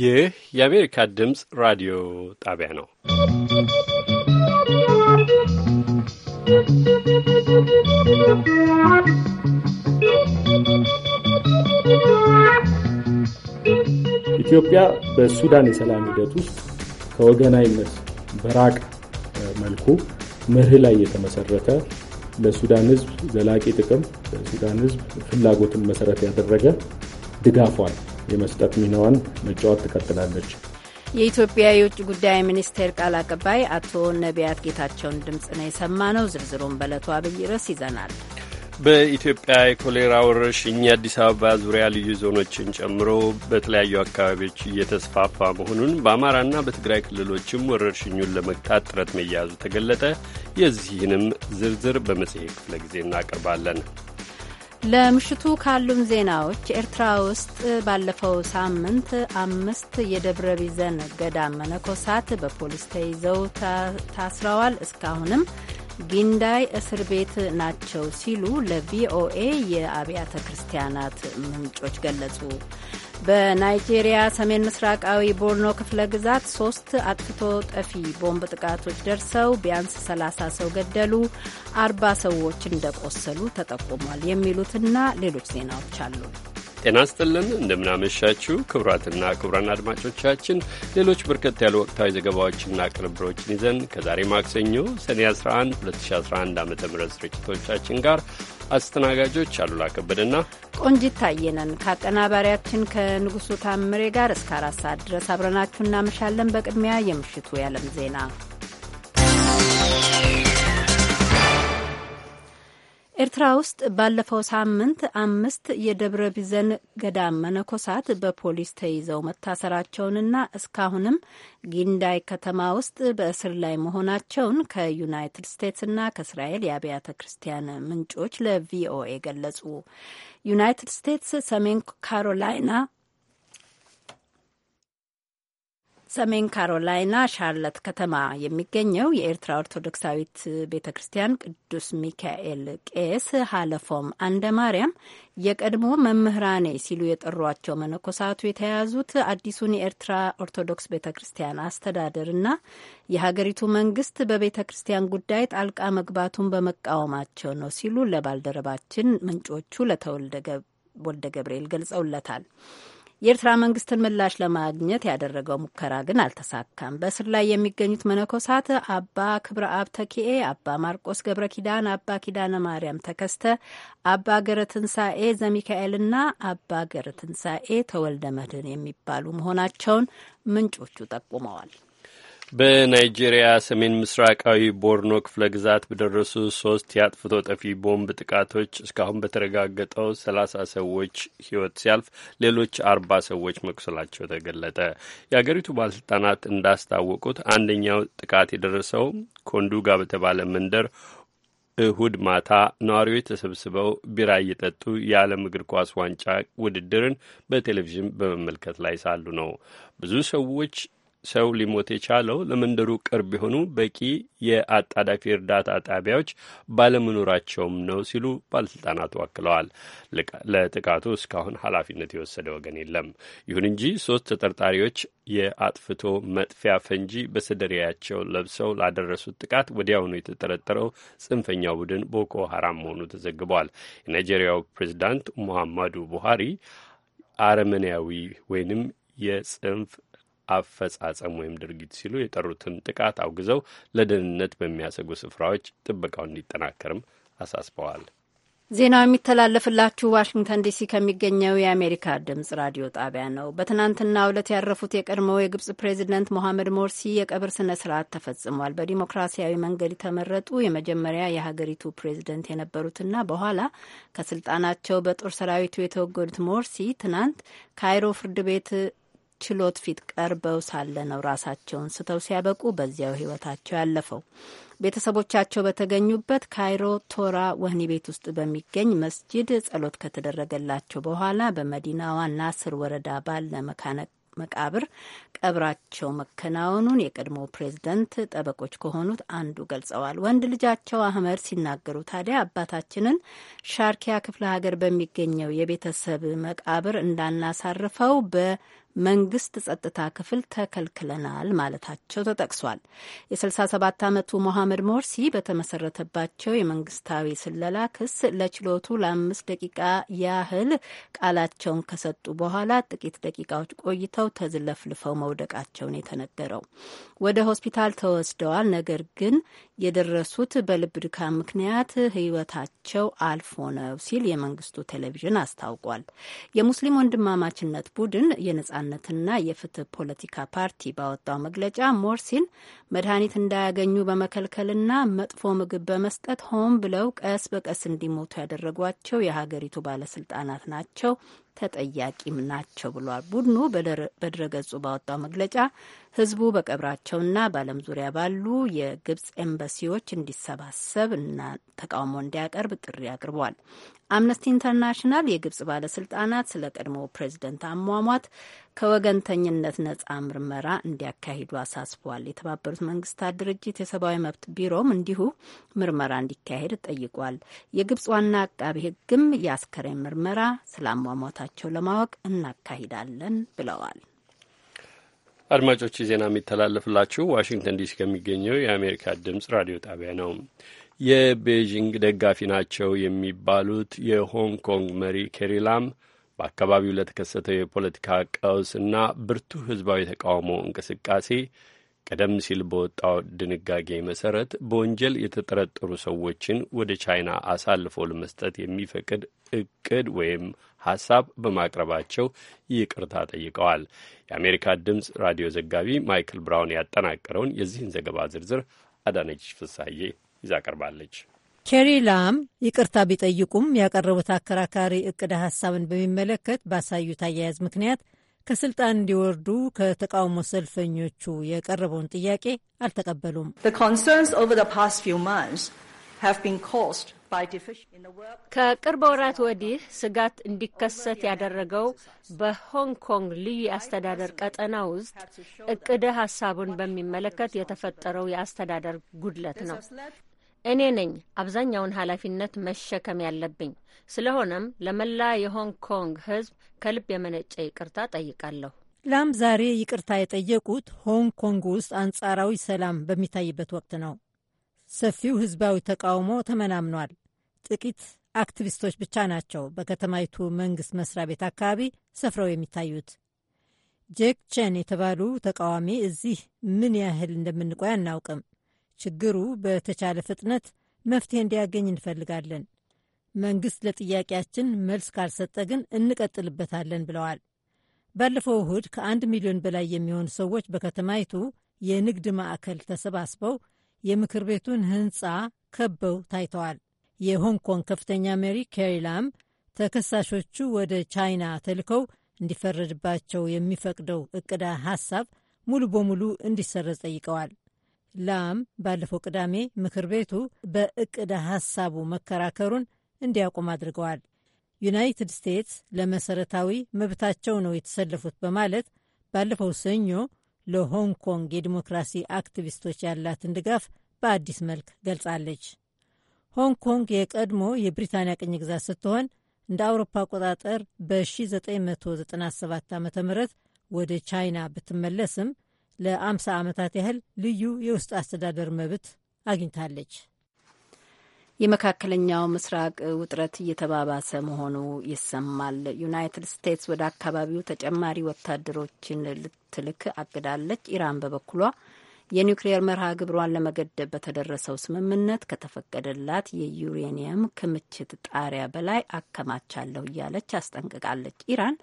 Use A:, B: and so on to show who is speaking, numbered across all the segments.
A: ይህ የአሜሪካ ድምፅ ራዲዮ ጣቢያ ነው።
B: ኢትዮጵያ በሱዳን የሰላም ሂደት ውስጥ ከወገናዊነት በራቅ መልኩ መርህ ላይ የተመሰረተ ለሱዳን ሕዝብ ዘላቂ ጥቅም ለሱዳን ሕዝብ ፍላጎትን መሰረት ያደረገ ድጋፏል የመስጠት ሚናዋን መጫወት ትቀጥላለች።
C: የኢትዮጵያ የውጭ ጉዳይ ሚኒስቴር ቃል አቀባይ አቶ ነቢያት ጌታቸውን ድምፅ ነው የሰማነው። ዝርዝሩን በዕለቱ አብይ ርዕስ ይዘናል።
A: በኢትዮጵያ የኮሌራ ወረርሽኝ የአዲስ አበባ ዙሪያ ልዩ ዞኖችን ጨምሮ በተለያዩ አካባቢዎች እየተስፋፋ መሆኑን በአማራና በትግራይ ክልሎችም ወረርሽኙን ለመግታት ጥረት መያዙ ተገለጠ። የዚህንም ዝርዝር በመጽሔት ክፍለ ጊዜ እናቀርባለን።
C: ለምሽቱ ካሉን ዜናዎች ኤርትራ ውስጥ ባለፈው ሳምንት አምስት የደብረ ቢዘን ገዳም መነኮሳት በፖሊስ ተይዘው ታስረዋል፣ እስካሁንም ጊንዳይ እስር ቤት ናቸው ሲሉ ለቪኦኤ የአብያተ ክርስቲያናት ምንጮች ገለጹ። በናይጄሪያ ሰሜን ምስራቃዊ ቦርኖ ክፍለ ግዛት ሶስት አጥፍቶ ጠፊ ቦምብ ጥቃቶች ደርሰው ቢያንስ 30 ሰው ገደሉ፣ አርባ ሰዎች እንደቆሰሉ ተጠቁሟል። የሚሉትና ሌሎች ዜናዎች
D: አሉ።
A: ጤና ስጥልን እንደምናመሻችው ክቡራትና ክቡራን አድማጮቻችን ሌሎች በርከት ያሉ ወቅታዊ ዘገባዎችና ቅንብሮችን ይዘን ከዛሬ ማክሰኞ ሰኔ 11 2011 ዓ ም ስርጭቶቻችን ጋር አስተናጋጆች አሉላ ከበደና
C: ቆንጂት ታየነን ከአቀናባሪያችን ከንጉሱ ታምሬ ጋር እስከ አራት ሰዓት ድረስ አብረናችሁ እናመሻለን። በቅድሚያ የምሽቱ የዓለም ዜና ኤርትራ ውስጥ ባለፈው ሳምንት አምስት የደብረ ቢዘን ገዳም መነኮሳት በፖሊስ ተይዘው መታሰራቸውንና እስካሁንም ጊንዳይ ከተማ ውስጥ በእስር ላይ መሆናቸውን ከዩናይትድ ስቴትስና ከእስራኤል የአብያተ ክርስቲያን ምንጮች ለቪኦኤ ገለጹ። ዩናይትድ ስቴትስ ሰሜን ካሮላይና ሰሜን ካሮላይና ሻርለት ከተማ የሚገኘው የኤርትራ ኦርቶዶክሳዊት ቤተ ክርስቲያን ቅዱስ ሚካኤል ቄስ ሀለፎም አንደ ማርያም የቀድሞ መምህራኔ ሲሉ የጠሯቸው መነኮሳቱ የተያዙት አዲሱን የኤርትራ ኦርቶዶክስ ቤተ ክርስቲያን አስተዳደርና የሀገሪቱ መንግስት በቤተ ክርስቲያን ጉዳይ ጣልቃ መግባቱን በመቃወማቸው ነው ሲሉ ለባልደረባችን ምንጮቹ ለተወልደ ወልደ ገብርኤል ገልጸውለታል። የኤርትራ መንግስትን ምላሽ ለማግኘት ያደረገው ሙከራ ግን አልተሳካም። በእስር ላይ የሚገኙት መነኮሳት አባ ክብረ አብ ተኪኤ፣ አባ ማርቆስ ገብረ ኪዳን፣ አባ ኪዳነ ማርያም ተከስተ፣ አባ ገረ ትንሣኤ ዘሚካኤልና አባ ገረ ትንሣኤ ተወልደ መድህን የሚባሉ መሆናቸውን ምንጮቹ ጠቁመዋል።
A: በናይጄሪያ ሰሜን ምስራቃዊ ቦርኖ ክፍለ ግዛት በደረሱ ሶስት የአጥፍቶ ጠፊ ቦምብ ጥቃቶች እስካሁን በተረጋገጠው ሰላሳ ሰዎች ሕይወት ሲያልፍ ሌሎች አርባ ሰዎች መቁሰላቸው ተገለጠ። የአገሪቱ ባለስልጣናት እንዳስታወቁት አንደኛው ጥቃት የደረሰው ኮንዱጋ በተባለ መንደር እሁድ ማታ ነዋሪዎች ተሰብስበው ቢራ እየጠጡ የዓለም እግር ኳስ ዋንጫ ውድድርን በቴሌቪዥን በመመልከት ላይ ሳሉ ነው። ብዙ ሰዎች ሰው ሊሞት የቻለው ለመንደሩ ቅርብ የሆኑ በቂ የአጣዳፊ እርዳታ ጣቢያዎች ባለመኖራቸውም ነው ሲሉ ባለሥልጣናቱ አክለዋል። ለጥቃቱ እስካሁን ኃላፊነት የወሰደ ወገን የለም። ይሁን እንጂ ሶስት ተጠርጣሪዎች የአጥፍቶ መጥፊያ ፈንጂ በሰደሪያቸው ለብሰው ላደረሱት ጥቃት ወዲያውኑ የተጠረጠረው ጽንፈኛ ቡድን ቦኮ ሀራም መሆኑ ተዘግቧል። የናይጄሪያው ፕሬዚዳንት ሙሐማዱ ቡሃሪ አረመኔያዊ ወይንም የጽንፍ አፈጻጸም ወይም ድርጊት ሲሉ የጠሩትን ጥቃት አውግዘው ለደህንነት በሚያሰጉ ስፍራዎች ጥበቃው እንዲጠናከርም አሳስበዋል።
C: ዜናው የሚተላለፍላችሁ ዋሽንግተን ዲሲ ከሚገኘው የአሜሪካ ድምጽ ራዲዮ ጣቢያ ነው። በትናንትና ዕለት ያረፉት የቀድሞው የግብጽ ፕሬዚደንት ሞሐመድ ሞርሲ የቀብር ስነ ስርዓት ተፈጽሟል። በዲሞክራሲያዊ መንገድ የተመረጡ የመጀመሪያ የሀገሪቱ ፕሬዚደንት የነበሩትና በኋላ ከስልጣናቸው በጦር ሰራዊቱ የተወገዱት ሞርሲ ትናንት ካይሮ ፍርድ ቤት ችሎት ፊት ቀርበው ሳለ ነው ራሳቸውን ስተው ሲያበቁ በዚያው ህይወታቸው ያለፈው። ቤተሰቦቻቸው በተገኙበት ካይሮ ቶራ ወህኒ ቤት ውስጥ በሚገኝ መስጂድ ጸሎት ከተደረገላቸው በኋላ በመዲናዋ ናስር ወረዳ ባለ መካነ መቃብር ቀብራቸው መከናወኑን የቀድሞ ፕሬዝደንት ጠበቆች ከሆኑት አንዱ ገልጸዋል። ወንድ ልጃቸው አህመድ ሲናገሩ ታዲያ አባታችንን ሻርኪያ ክፍለ ሀገር በሚገኘው የቤተሰብ መቃብር እንዳናሳርፈው በ መንግስት ጸጥታ ክፍል ተከልክለናል ማለታቸው ተጠቅሷል። የ67 ዓመቱ ሞሐመድ ሞርሲ በተመሰረተባቸው የመንግስታዊ ስለላ ክስ ለችሎቱ ለአምስት ደቂቃ ያህል ቃላቸውን ከሰጡ በኋላ ጥቂት ደቂቃዎች ቆይተው ተዝለፍልፈው መውደቃቸውን የተነገረው ወደ ሆስፒታል ተወስደዋል። ነገር ግን የደረሱት በልብ ድካም ምክንያት ሕይወታቸው አልፎ ነው ሲል የመንግስቱ ቴሌቪዥን አስታውቋል። የሙስሊም ወንድማማችነት ቡድን የነጻነትና የፍትህ ፖለቲካ ፓርቲ ባወጣው መግለጫ ሞርሲን መድኃኒት እንዳያገኙ በመከልከልና መጥፎ ምግብ በመስጠት ሆን ብለው ቀስ በቀስ እንዲሞቱ ያደረጓቸው የሀገሪቱ ባለስልጣናት ናቸው ተጠያቂም ናቸው ብሏል። ቡድኑ በድረገጹ ባወጣው መግለጫ ህዝቡ በቀብራቸውና በዓለም ዙሪያ ባሉ የግብፅ ኤምባሲዎች እንዲሰባሰብ እና ተቃውሞ እንዲያቀርብ ጥሪ አቅርቧል። አምነስቲ ኢንተርናሽናል የግብጽ ባለስልጣናት ስለ ቀድሞ ፕሬዚደንት አሟሟት ከወገንተኝነት ነጻ ምርመራ እንዲያካሂዱ አሳስቧል። የተባበሩት መንግስታት ድርጅት የሰብአዊ መብት ቢሮም እንዲሁ ምርመራ እንዲካሄድ ጠይቋል። የግብጽ ዋና አቃቢ ሕግም የአስከሬን ምርመራ ስለ አሟሟታቸው ለማወቅ እናካሂዳለን ብለዋል።
A: አድማጮች ዜና የሚተላለፍላችሁ ዋሽንግተን ዲሲ ከሚገኘው የአሜሪካ ድምጽ ራዲዮ ጣቢያ ነው። የቤዥንግ ደጋፊ ናቸው የሚባሉት የሆንግ ኮንግ መሪ ኬሪላም በአካባቢው ለተከሰተው የፖለቲካ ቀውስ እና ብርቱ ህዝባዊ ተቃውሞ እንቅስቃሴ ቀደም ሲል በወጣው ድንጋጌ መሰረት በወንጀል የተጠረጠሩ ሰዎችን ወደ ቻይና አሳልፎ ለመስጠት የሚፈቅድ እቅድ ወይም ሀሳብ በማቅረባቸው ይቅርታ ጠይቀዋል። የአሜሪካ ድምፅ ራዲዮ ዘጋቢ ማይክል ብራውን ያጠናቀረውን የዚህን ዘገባ ዝርዝር አዳነች ፍሳዬ ይዛ ቀርባለች።
D: ኬሪ ላም ይቅርታ ቢጠይቁም ያቀረቡት አከራካሪ እቅደ ሀሳብን በሚመለከት ባሳዩት አያያዝ ምክንያት ከስልጣን እንዲወርዱ ከተቃውሞ ሰልፈኞቹ የቀረበውን ጥያቄ አልተቀበሉም።
E: ከቅርብ ወራት ወዲህ ስጋት እንዲከሰት ያደረገው በሆንግ ኮንግ ልዩ የአስተዳደር ቀጠና ውስጥ እቅደ ሀሳቡን በሚመለከት የተፈጠረው የአስተዳደር ጉድለት ነው። እኔ ነኝ አብዛኛውን ኃላፊነት መሸከም ያለብኝ። ስለሆነም ለመላ የሆንግ ኮንግ ሕዝብ ከልብ የመነጨ ይቅርታ ጠይቃለሁ።
D: ላም ዛሬ ይቅርታ የጠየቁት ሆንግ ኮንግ ውስጥ አንጻራዊ ሰላም በሚታይበት ወቅት ነው። ሰፊው ሕዝባዊ ተቃውሞ ተመናምኗል። ጥቂት አክቲቪስቶች ብቻ ናቸው በከተማይቱ መንግስት መስሪያ ቤት አካባቢ ሰፍረው የሚታዩት። ጄክ ቼን የተባሉ ተቃዋሚ እዚህ ምን ያህል እንደምንቆይ አናውቅም ችግሩ በተቻለ ፍጥነት መፍትሄ እንዲያገኝ እንፈልጋለን። መንግስት ለጥያቄያችን መልስ ካልሰጠ ግን እንቀጥልበታለን ብለዋል። ባለፈው እሁድ ከአንድ ሚሊዮን በላይ የሚሆኑ ሰዎች በከተማይቱ የንግድ ማዕከል ተሰባስበው የምክር ቤቱን ህንፃ ከበው ታይተዋል። የሆንግ ኮንግ ከፍተኛ መሪ ኬሪ ላም ተከሳሾቹ ወደ ቻይና ተልከው እንዲፈረድባቸው የሚፈቅደው እቅዳ ሀሳብ ሙሉ በሙሉ እንዲሰረዝ ጠይቀዋል። ላም ባለፈው ቅዳሜ ምክር ቤቱ በእቅደ ሐሳቡ መከራከሩን እንዲያቆም አድርገዋል። ዩናይትድ ስቴትስ ለመሰረታዊ መብታቸው ነው የተሰለፉት በማለት ባለፈው ሰኞ ለሆንግ ኮንግ የዲሞክራሲ አክቲቪስቶች ያላትን ድጋፍ በአዲስ መልክ ገልጻለች። ሆንግ ኮንግ የቀድሞ የብሪታንያ ቅኝ ግዛት ስትሆን እንደ አውሮፓ አቆጣጠር በ1997 ዓ ም ወደ ቻይና ብትመለስም ለ50 ዓመታት ያህል ልዩ የውስጥ አስተዳደር መብት አግኝታለች።
C: የመካከለኛው ምስራቅ ውጥረት እየተባባሰ መሆኑ ይሰማል። ዩናይትድ ስቴትስ ወደ አካባቢው ተጨማሪ ወታደሮችን ልትልክ አቅዳለች። ኢራን በበኩሏ የኒውክሌየር መርሃ ግብሯን ለመገደብ በተደረሰው ስምምነት ከተፈቀደላት የዩሬኒየም ክምችት ጣሪያ በላይ አከማቻለሁ እያለች አስጠንቅቃለች። ኢራን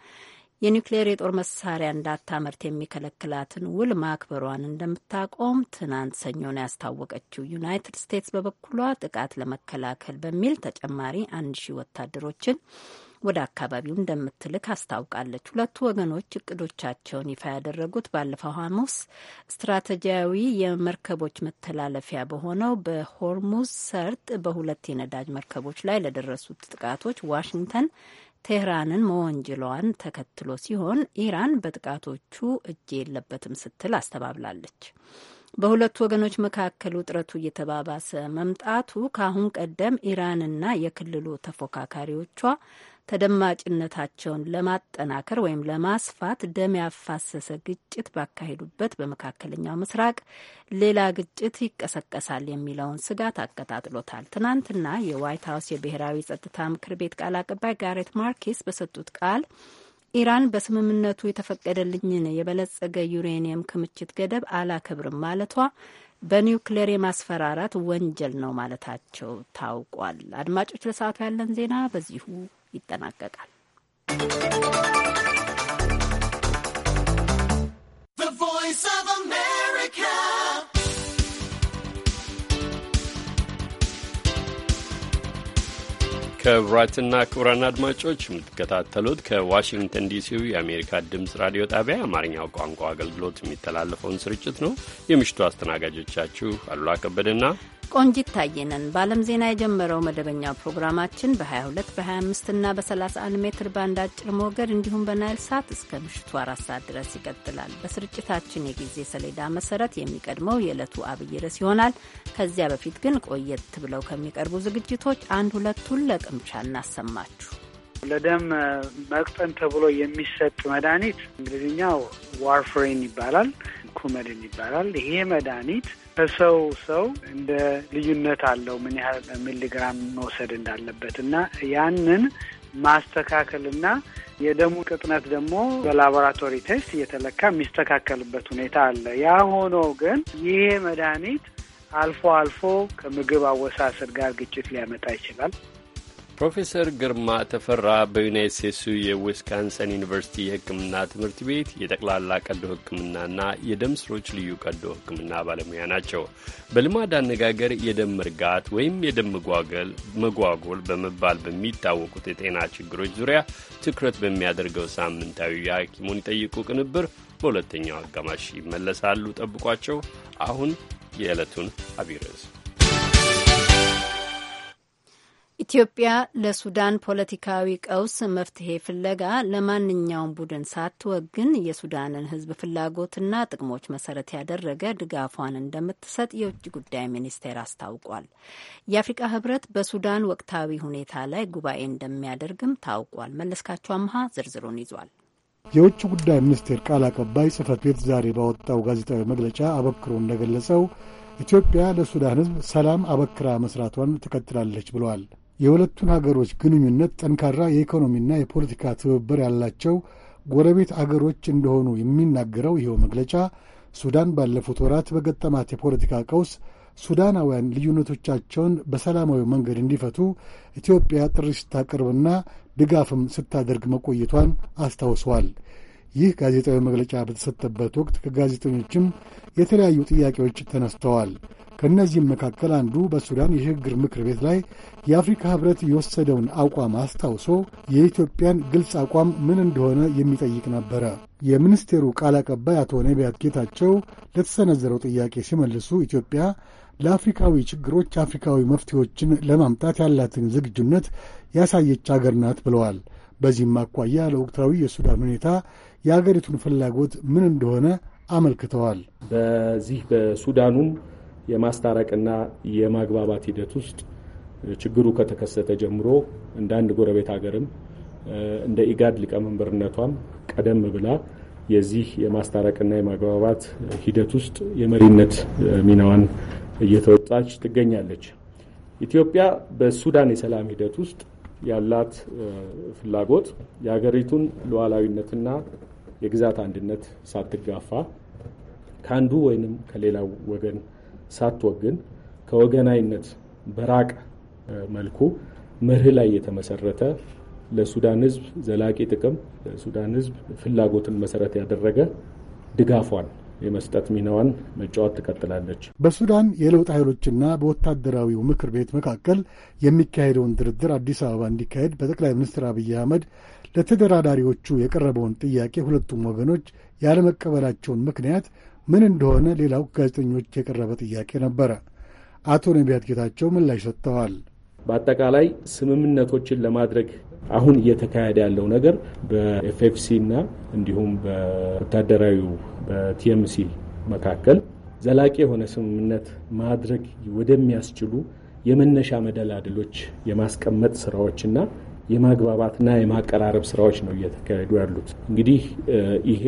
C: የኒውክሌር የጦር መሳሪያ እንዳታመርት የሚከለክላትን ውል ማክበሯን እንደምታቆም ትናንት ሰኞ ነው ያስታወቀችው። ዩናይትድ ስቴትስ በበኩሏ ጥቃት ለመከላከል በሚል ተጨማሪ አንድ ሺህ ወታደሮችን ወደ አካባቢው እንደምትልክ አስታውቃለች። ሁለቱ ወገኖች እቅዶቻቸውን ይፋ ያደረጉት ባለፈው ሐሙስ ስትራቴጂያዊ የመርከቦች መተላለፊያ በሆነው በሆርሙዝ ሰርጥ በሁለት የነዳጅ መርከቦች ላይ ለደረሱት ጥቃቶች ዋሽንግተን ቴህራንን መወንጀሏን ተከትሎ ሲሆን ኢራን በጥቃቶቹ እጅ የለበትም ስትል አስተባብላለች። በሁለቱ ወገኖች መካከል ውጥረቱ እየተባባሰ መምጣቱ ከአሁን ቀደም ኢራንና የክልሉ ተፎካካሪዎቿ ተደማጭነታቸውን ለማጠናከር ወይም ለማስፋት ደም ያፋሰሰ ግጭት ባካሄዱበት በመካከለኛው ምስራቅ ሌላ ግጭት ይቀሰቀሳል የሚለውን ስጋት አቀጣጥሎታል። ትናንትና የዋይት ሀውስ የብሔራዊ ጸጥታ ምክር ቤት ቃል አቀባይ ጋሬት ማርኬስ በሰጡት ቃል ኢራን በስምምነቱ የተፈቀደልኝን የበለጸገ ዩሬኒየም ክምችት ገደብ አላከብርም ማለቷ በኒውክሌር የማስፈራራት ወንጀል ነው ማለታቸው ታውቋል። አድማጮች፣ ለሰዓቱ ያለን ዜና በዚሁ ይጠናቀቃል።
A: ክቡራትና ክቡራን አድማጮች የምትከታተሉት ከዋሽንግተን ዲሲው የአሜሪካ ድምፅ ራዲዮ ጣቢያ የአማርኛው ቋንቋ አገልግሎት የሚተላለፈውን ስርጭት ነው። የምሽቱ አስተናጋጆቻችሁ አሉላ ከበደና
C: ቆንጂት ታየነን በዓለም ዜና የጀመረው መደበኛ ፕሮግራማችን በ22 በ25 እና በ31 ሜትር ባንድ አጭር ሞገድ እንዲሁም በናይል ሳት እስከ ምሽቱ አራት ሰዓት ድረስ ይቀጥላል። በስርጭታችን የጊዜ ሰሌዳ መሰረት የሚቀድመው የዕለቱ አብይ ርዕስ ይሆናል። ከዚያ በፊት ግን ቆየት ብለው ከሚቀርቡ ዝግጅቶች አንድ ሁለቱን ለቅምቻ እናሰማችሁ።
F: ለደም መቅጠን ተብሎ የሚሰጥ መድኃኒት እንግሊዝኛው ዋርፍሬን ይባላል። ኩመድን ይባላል። ይሄ መድኃኒት ከሰው ሰው እንደ ልዩነት አለው ምን ያህል ሚሊግራም መውሰድ እንዳለበት እና ያንን ማስተካከልና የደሙ ቅጥነት ደግሞ በላቦራቶሪ ቴስት እየተለካ የሚስተካከልበት ሁኔታ አለ። ያ ሆኖ ግን ይሄ መድኃኒት አልፎ አልፎ ከምግብ አወሳሰድ ጋር ግጭት ሊያመጣ ይችላል።
A: ፕሮፌሰር ግርማ ተፈራ በዩናይት ስቴትሱ የዊስካንሰን ዩኒቨርሲቲ የሕክምና ትምህርት ቤት የጠቅላላ ቀዶ ሕክምናና የደም ስሮች ልዩ ቀዶ ሕክምና ባለሙያ ናቸው። በልማድ አነጋገር የደም እርጋት ወይም የደም መጓጎል በመባል በሚታወቁት የጤና ችግሮች ዙሪያ ትኩረት በሚያደርገው ሳምንታዊ የሐኪሙን ይጠይቁ ቅንብር በሁለተኛው አጋማሽ ይመለሳሉ። ጠብቋቸው። አሁን የዕለቱን አብይ ርዕስ
C: ኢትዮጵያ ለሱዳን ፖለቲካዊ ቀውስ መፍትሄ ፍለጋ ለማንኛውም ቡድን ሳትወግን የሱዳንን ሕዝብ ፍላጎትና ጥቅሞች መሰረት ያደረገ ድጋፏን እንደምትሰጥ የውጭ ጉዳይ ሚኒስቴር አስታውቋል። የአፍሪካ ሕብረት በሱዳን ወቅታዊ ሁኔታ ላይ ጉባኤ እንደሚያደርግም ታውቋል። መለስካቸው አምሃ ዝርዝሩን ይዟል።
G: የውጭ ጉዳይ ሚኒስቴር ቃል አቀባይ ጽህፈት ቤት ዛሬ ባወጣው ጋዜጣዊ መግለጫ አበክሮ እንደገለጸው ኢትዮጵያ ለሱዳን ህዝብ ሰላም አበክራ መስራቷን ትቀጥላለች ብለዋል። የሁለቱን ሀገሮች ግንኙነት ጠንካራ የኢኮኖሚና የፖለቲካ ትብብር ያላቸው ጎረቤት አገሮች እንደሆኑ የሚናገረው ይኸው መግለጫ ሱዳን ባለፉት ወራት በገጠማት የፖለቲካ ቀውስ ሱዳናውያን ልዩነቶቻቸውን በሰላማዊ መንገድ እንዲፈቱ ኢትዮጵያ ጥሪ ስታቀርብና ድጋፍም ስታደርግ መቆየቷን አስታውሰዋል። ይህ ጋዜጣዊ መግለጫ በተሰጠበት ወቅት ከጋዜጠኞችም የተለያዩ ጥያቄዎች ተነስተዋል። ከእነዚህም መካከል አንዱ በሱዳን የሽግግር ምክር ቤት ላይ የአፍሪካ ህብረት የወሰደውን አቋም አስታውሶ የኢትዮጵያን ግልጽ አቋም ምን እንደሆነ የሚጠይቅ ነበረ። የሚኒስቴሩ ቃል አቀባይ አቶ ነቢያት ጌታቸው ለተሰነዘረው ጥያቄ ሲመልሱ ኢትዮጵያ ለአፍሪካዊ ችግሮች አፍሪካዊ መፍትሄዎችን ለማምጣት ያላትን ዝግጁነት ያሳየች አገር ናት ብለዋል። በዚህም አኳያ ለወቅታዊ የሱዳን ሁኔታ የአገሪቱን ፍላጎት ምን እንደሆነ አመልክተዋል።
B: በዚህ በሱዳኑም የማስታረቅና የማግባባት ሂደት ውስጥ ችግሩ ከተከሰተ ጀምሮ እንደ አንድ ጎረቤት ሀገርም እንደ ኢጋድ ሊቀመንበርነቷም ቀደም ብላ የዚህ የማስታረቅና የማግባባት ሂደት ውስጥ የመሪነት ሚናዋን እየተወጣች ትገኛለች። ኢትዮጵያ በሱዳን የሰላም ሂደት ውስጥ ያላት ፍላጎት የሀገሪቱን ሉዓላዊነትና የግዛት አንድነት ሳትጋፋ ከአንዱ ወይንም ከሌላው ወገን ሳትወግን ከወገናይነት በራቀ መልኩ መርህ ላይ የተመሰረተ ለሱዳን ሕዝብ ዘላቂ ጥቅም ለሱዳን ሕዝብ ፍላጎትን መሰረት ያደረገ ድጋፏን የመስጠት ሚናዋን መጫወት ትቀጥላለች።
G: በሱዳን የለውጥ ኃይሎችና በወታደራዊው ምክር ቤት መካከል የሚካሄደውን ድርድር አዲስ አበባ እንዲካሄድ በጠቅላይ ሚኒስትር አብይ አህመድ ለተደራዳሪዎቹ የቀረበውን ጥያቄ ሁለቱም ወገኖች ያለመቀበላቸውን ምክንያት ምን እንደሆነ ሌላው ጋዜጠኞች የቀረበ ጥያቄ ነበረ። አቶ ነቢያት ጌታቸው ምላሽ ሰጥተዋል።
B: በአጠቃላይ ስምምነቶችን ለማድረግ አሁን እየተካሄደ ያለው ነገር በኤፍኤፍሲ እና እንዲሁም በወታደራዊ በቲኤምሲ መካከል ዘላቂ የሆነ ስምምነት ማድረግ ወደሚያስችሉ የመነሻ መደላድሎች የማስቀመጥ ስራዎችና የማግባባትና የማቀራረብ ስራዎች ነው እየተካሄዱ ያሉት። እንግዲህ ይሄ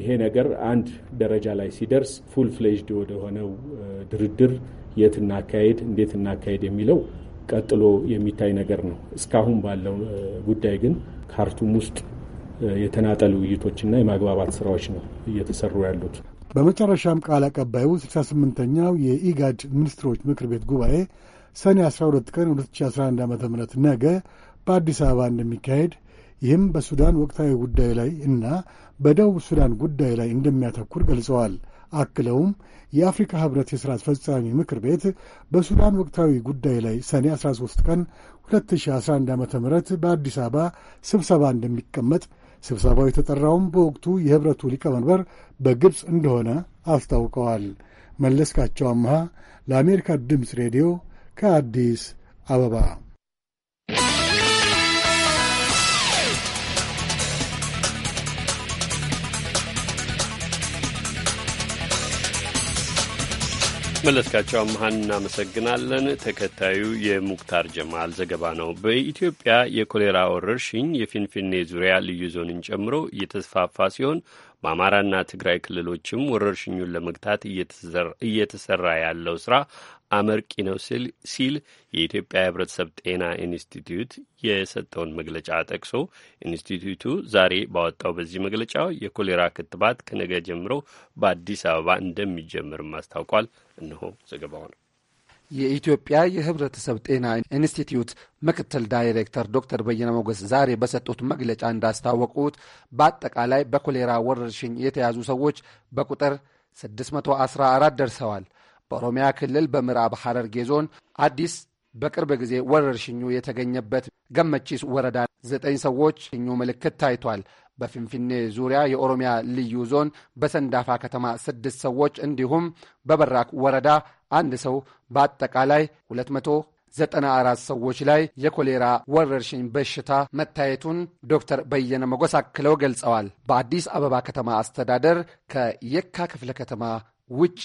B: ይሄ ነገር አንድ ደረጃ ላይ ሲደርስ ፉል ፍሌጅድ ወደሆነው ድርድር የት እናካሄድ፣ እንዴት እናካሄድ የሚለው ቀጥሎ የሚታይ ነገር ነው። እስካሁን ባለው ጉዳይ ግን ካርቱም ውስጥ የተናጠል ውይይቶችና የማግባባት ስራዎች ነው እየተሰሩ ያሉት።
G: በመጨረሻም ቃል አቀባዩ 68ኛው የኢጋድ ሚኒስትሮች ምክር ቤት ጉባኤ ሰኔ 12 ቀን 2011 ዓ ም ነገ በአዲስ አበባ እንደሚካሄድ ይህም በሱዳን ወቅታዊ ጉዳይ ላይ እና በደቡብ ሱዳን ጉዳይ ላይ እንደሚያተኩር ገልጸዋል። አክለውም የአፍሪካ ህብረት የሥራ አስፈጻሚ ምክር ቤት በሱዳን ወቅታዊ ጉዳይ ላይ ሰኔ 13 ቀን 2011 ዓ ም በአዲስ አበባ ስብሰባ እንደሚቀመጥ ስብሰባው የተጠራውም በወቅቱ የህብረቱ ሊቀመንበር በግብፅ እንደሆነ አስታውቀዋል። መለስካቸው አምሃ ለአሜሪካ ድምፅ ሬዲዮ ከአዲስ አበባ
A: መለስካቸው አመሀን እናመሰግናለን። ተከታዩ የሙክታር ጀማል ዘገባ ነው። በኢትዮጵያ የኮሌራ ወረርሽኝ የፊንፊኔ ዙሪያ ልዩ ዞንን ጨምሮ እየተስፋፋ ሲሆን በአማራና ትግራይ ክልሎችም ወረርሽኙን ለመግታት እየተሰራ ያለው ስራ አመርቂ ነው ሲል የኢትዮጵያ ህብረተሰብ ጤና ኢንስቲትዩት የሰጠውን መግለጫ ጠቅሶ ኢንስቲትዩቱ ዛሬ ባወጣው በዚህ መግለጫው የኮሌራ ክትባት ከነገ ጀምሮ በአዲስ አበባ እንደሚጀምርም አስታውቋል። እነሆ ዘገባው ነው።
H: የኢትዮጵያ የህብረተሰብ ጤና ኢንስቲትዩት ምክትል ዳይሬክተር ዶክተር በየነ ሞገስ ዛሬ በሰጡት መግለጫ እንዳስታወቁት በአጠቃላይ በኮሌራ ወረርሽኝ የተያዙ ሰዎች በቁጥር 614 ደርሰዋል። በኦሮሚያ ክልል በምዕራብ ሐረርጌ ዞን አዲስ በቅርብ ጊዜ ወረርሽኙ የተገኘበት ገመቺስ ወረዳ ዘጠኝ ሰዎች ሽኙ ምልክት ታይቷል። በፊንፊኔ ዙሪያ የኦሮሚያ ልዩ ዞን በሰንዳፋ ከተማ ስድስት ሰዎች እንዲሁም በበራክ ወረዳ አንድ ሰው በአጠቃላይ 294 ሰዎች ላይ የኮሌራ ወረርሽኝ በሽታ መታየቱን ዶክተር በየነ መጎስ አክለው ገልጸዋል። በአዲስ አበባ ከተማ አስተዳደር ከየካ ክፍለ ከተማ ውጪ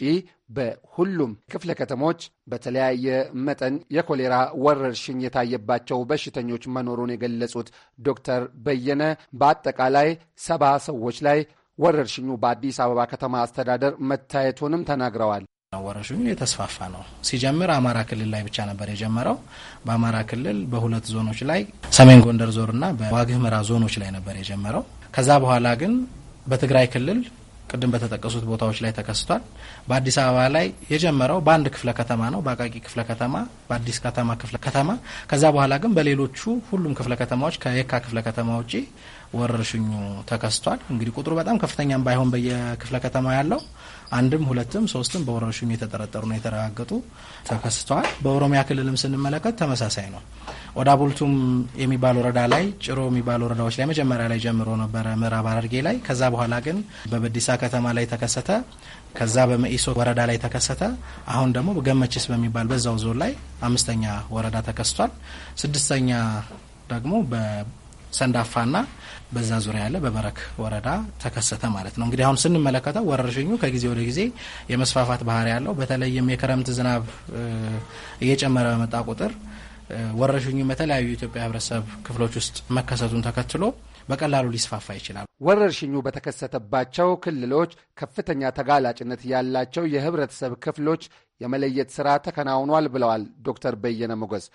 H: በሁሉም ክፍለ ከተሞች በተለያየ መጠን የኮሌራ ወረርሽኝ የታየባቸው በሽተኞች መኖሩን የገለጹት ዶክተር በየነ በአጠቃላይ ሰባ ሰዎች ላይ ወረርሽኙ በአዲስ አበባ ከተማ አስተዳደር መታየቱንም ተናግረዋል።
I: ወረርሽኙ የተስፋፋ ነው። ሲጀምር አማራ ክልል ላይ ብቻ ነበር የጀመረው። በአማራ ክልል በሁለት ዞኖች ላይ ሰሜን ጎንደር ዞንና በዋግኽምራ ዞኖች ላይ ነበር የጀመረው። ከዛ በኋላ ግን በትግራይ ክልል ቅድም በተጠቀሱት ቦታዎች ላይ ተከስቷል። በአዲስ አበባ ላይ የጀመረው በአንድ ክፍለ ከተማ ነው፣ በአቃቂ ክፍለ ከተማ፣ በአዲስ ከተማ ክፍለ ከተማ። ከዛ በኋላ ግን በሌሎቹ ሁሉም ክፍለ ከተማዎች ከየካ ክፍለ ከተማ ውጪ ወረርሽኙ ተከስቷል። እንግዲህ ቁጥሩ በጣም ከፍተኛም ባይሆን በየክፍለ ከተማ ያለው አንድም ሁለትም ሶስትም በወረርሽኙ የተጠረጠሩ ነው የተረጋገጡ ተከስተዋል። በኦሮሚያ ክልልም ስንመለከት ተመሳሳይ ነው። ወደ አቡልቱም የሚባል ወረዳ ላይ፣ ጭሮ የሚባል ወረዳዎች ላይ መጀመሪያ ላይ ጀምሮ ነበረ ምዕራብ ሐረርጌ ላይ። ከዛ በኋላ ግን በበዲሳ ከተማ ላይ ተከሰተ። ከዛ በመኢሶ ወረዳ ላይ ተከሰተ። አሁን ደግሞ ገመችስ በሚባል በዛው ዞን ላይ አምስተኛ ወረዳ ተከስቷል። ስድስተኛ ደግሞ በሰንዳፋና በዛ ዙሪያ ያለ በበረክ ወረዳ ተከሰተ ማለት ነው። እንግዲህ አሁን ስንመለከተው ወረርሽኙ ከጊዜ ወደ ጊዜ የመስፋፋት ባህሪ ያለው በተለይም የክረምት ዝናብ እየጨመረ በመጣ ቁጥር ወረርሽኙ በተለያዩ የኢትዮጵያ ሕብረተሰብ ክፍሎች ውስጥ መከሰቱን ተከትሎ በቀላሉ ሊስፋፋ ይችላል።
H: ወረርሽኙ በተከሰተባቸው ክልሎች ከፍተኛ ተጋላጭነት ያላቸው የህብረተሰብ ክፍሎች የመለየት ሥራ ተከናውኗል ብለዋል ዶክተር በየነ ሞገስ።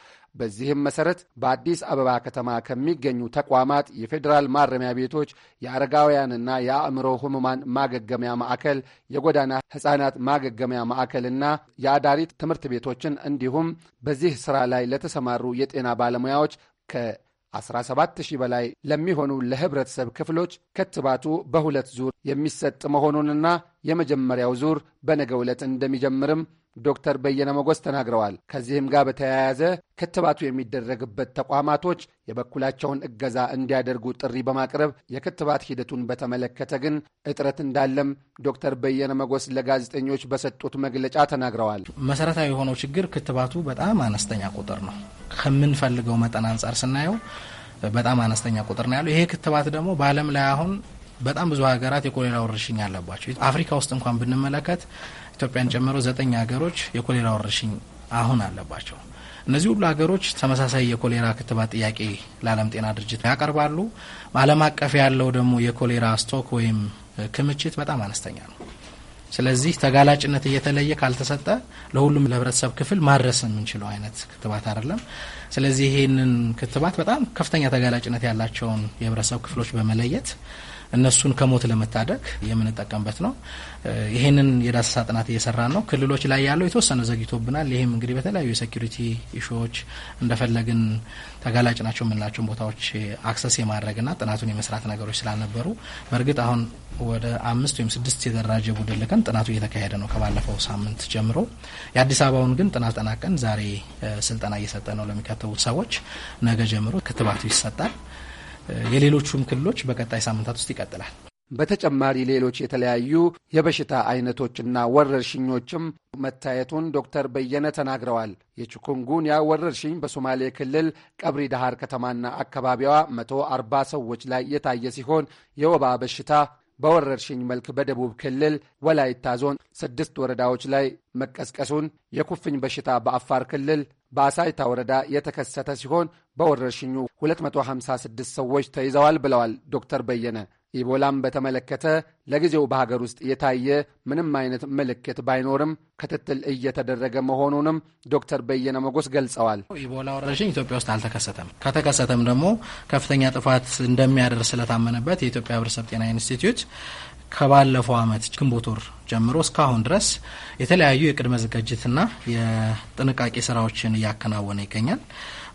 H: በዚህም መሠረት በአዲስ አበባ ከተማ ከሚገኙ ተቋማት የፌዴራል ማረሚያ ቤቶች፣ የአረጋውያንና የአእምሮ ህሙማን ማገገሚያ ማዕከል፣ የጎዳና ሕፃናት ማገገሚያ ማዕከልና የአዳሪት ትምህርት ቤቶችን እንዲሁም በዚህ ሥራ ላይ ለተሰማሩ የጤና ባለሙያዎች ከ 17,000 በላይ ለሚሆኑ ለህብረተሰብ ክፍሎች ክትባቱ በሁለት ዙር የሚሰጥ መሆኑንና የመጀመሪያው ዙር በነገ ዕለት እንደሚጀምርም ዶክተር በየነ መጎስ ተናግረዋል። ከዚህም ጋር በተያያዘ ክትባቱ የሚደረግበት ተቋማቶች የበኩላቸውን እገዛ እንዲያደርጉ ጥሪ በማቅረብ የክትባት ሂደቱን በተመለከተ ግን እጥረት እንዳለም ዶክተር በየነ መጎስ ለጋዜጠኞች በሰጡት መግለጫ ተናግረዋል። መሰረታዊ
I: የሆነው ችግር ክትባቱ በጣም አነስተኛ ቁጥር ነው። ከምንፈልገው መጠን አንጻር ስናየው በጣም አነስተኛ ቁጥር ነው ያለው። ይሄ ክትባት ደግሞ በዓለም ላይ አሁን በጣም ብዙ ሀገራት የኮሌራ ወረርሽኝ አለባቸው። አፍሪካ ውስጥ እንኳን ብንመለከት ኢትዮጵያን ጨምሮ ዘጠኝ ሀገሮች የኮሌራ ወረርሽኝ አሁን አለባቸው። እነዚህ ሁሉ ሀገሮች ተመሳሳይ የኮሌራ ክትባት ጥያቄ ለዓለም ጤና ድርጅት ያቀርባሉ። ዓለም አቀፍ ያለው ደግሞ የኮሌራ ስቶክ ወይም ክምችት በጣም አነስተኛ ነው። ስለዚህ ተጋላጭነት እየተለየ ካልተሰጠ ለሁሉም ለህብረተሰብ ክፍል ማድረስ የምንችለው አይነት ክትባት አይደለም። ስለዚህ ይህንን ክትባት በጣም ከፍተኛ ተጋላጭነት ያላቸውን የህብረተሰብ ክፍሎች በመለየት እነሱን ከሞት ለመታደግ የምንጠቀምበት ነው። ይህንን የዳሰሳ ጥናት እየሰራን ነው። ክልሎች ላይ ያለው የተወሰነ ዘግይቶብናል። ይህም እንግዲህ በተለያዩ የሴኩሪቲ ኢሹዎች እንደፈለግን ተጋላጭ ናቸው የምንላቸውን ቦታዎች አክሰስ የማድረግና ጥናቱን የመስራት ነገሮች ስላልነበሩ በእርግጥ አሁን ወደ አምስት ወይም ስድስት የደራጀ ቡድን ልከን ጥናቱ እየተካሄደ ነው ከባለፈው ሳምንት ጀምሮ። የአዲስ አበባውን ግን ጥናት ጠናቀን ዛሬ ስልጠና እየሰጠ ነው ለሚከተቡት ሰዎች ነገ ጀምሮ ክትባቱ ይሰጣል። የሌሎቹም ክልሎች በቀጣይ ሳምንታት ውስጥ ይቀጥላል።
H: በተጨማሪ ሌሎች የተለያዩ የበሽታ አይነቶችና ወረርሽኞችም መታየቱን ዶክተር በየነ ተናግረዋል። የቺኩንጉንያ ወረርሽኝ በሶማሌ ክልል ቀብሪ ዳሃር ከተማና አካባቢዋ 140 ሰዎች ላይ የታየ ሲሆን የወባ በሽታ በወረርሽኝ መልክ በደቡብ ክልል ወላይታ ዞን ስድስት ወረዳዎች ላይ መቀስቀሱን፣ የኩፍኝ በሽታ በአፋር ክልል በአሳይታ ወረዳ የተከሰተ ሲሆን በወረርሽኙ 256 ሰዎች ተይዘዋል ብለዋል ዶክተር በየነ። ኢቦላም በተመለከተ ለጊዜው በሀገር ውስጥ የታየ ምንም አይነት ምልክት ባይኖርም ክትትል እየተደረገ መሆኑንም ዶክተር በየነ መጎስ ገልጸዋል። ኢቦላ
I: ወረርሽኝ ኢትዮጵያ ውስጥ አልተከሰተም። ከተከሰተም ደግሞ ከፍተኛ ጥፋት እንደሚያደርስ ስለታመነበት የኢትዮጵያ ሕብረተሰብ ጤና ኢንስቲትዩት ከባለፈው አመት ግንቦት ወር ጀምሮ እስካሁን ድረስ የተለያዩ የቅድመ ዝግጅትና የጥንቃቄ ስራዎችን እያከናወነ ይገኛል።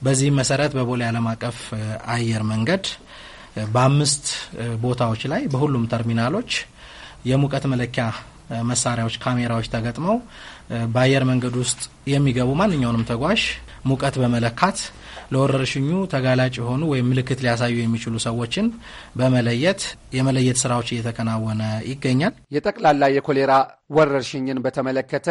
I: በዚህም መሰረት በቦሌ ዓለም አቀፍ አየር መንገድ በአምስት ቦታዎች ላይ በሁሉም ተርሚናሎች የሙቀት መለኪያ መሳሪያዎች፣ ካሜራዎች ተገጥመው በአየር መንገድ ውስጥ የሚገቡ ማንኛውንም ተጓዥ ሙቀት በመለካት ለወረርሽኙ ተጋላጭ የሆኑ ወይም ምልክት ሊያሳዩ የሚችሉ ሰዎችን በመለየት የመለየት ስራዎች እየተከናወነ ይገኛል።
H: የጠቅላላ የኮሌራ ወረርሽኝን በተመለከተ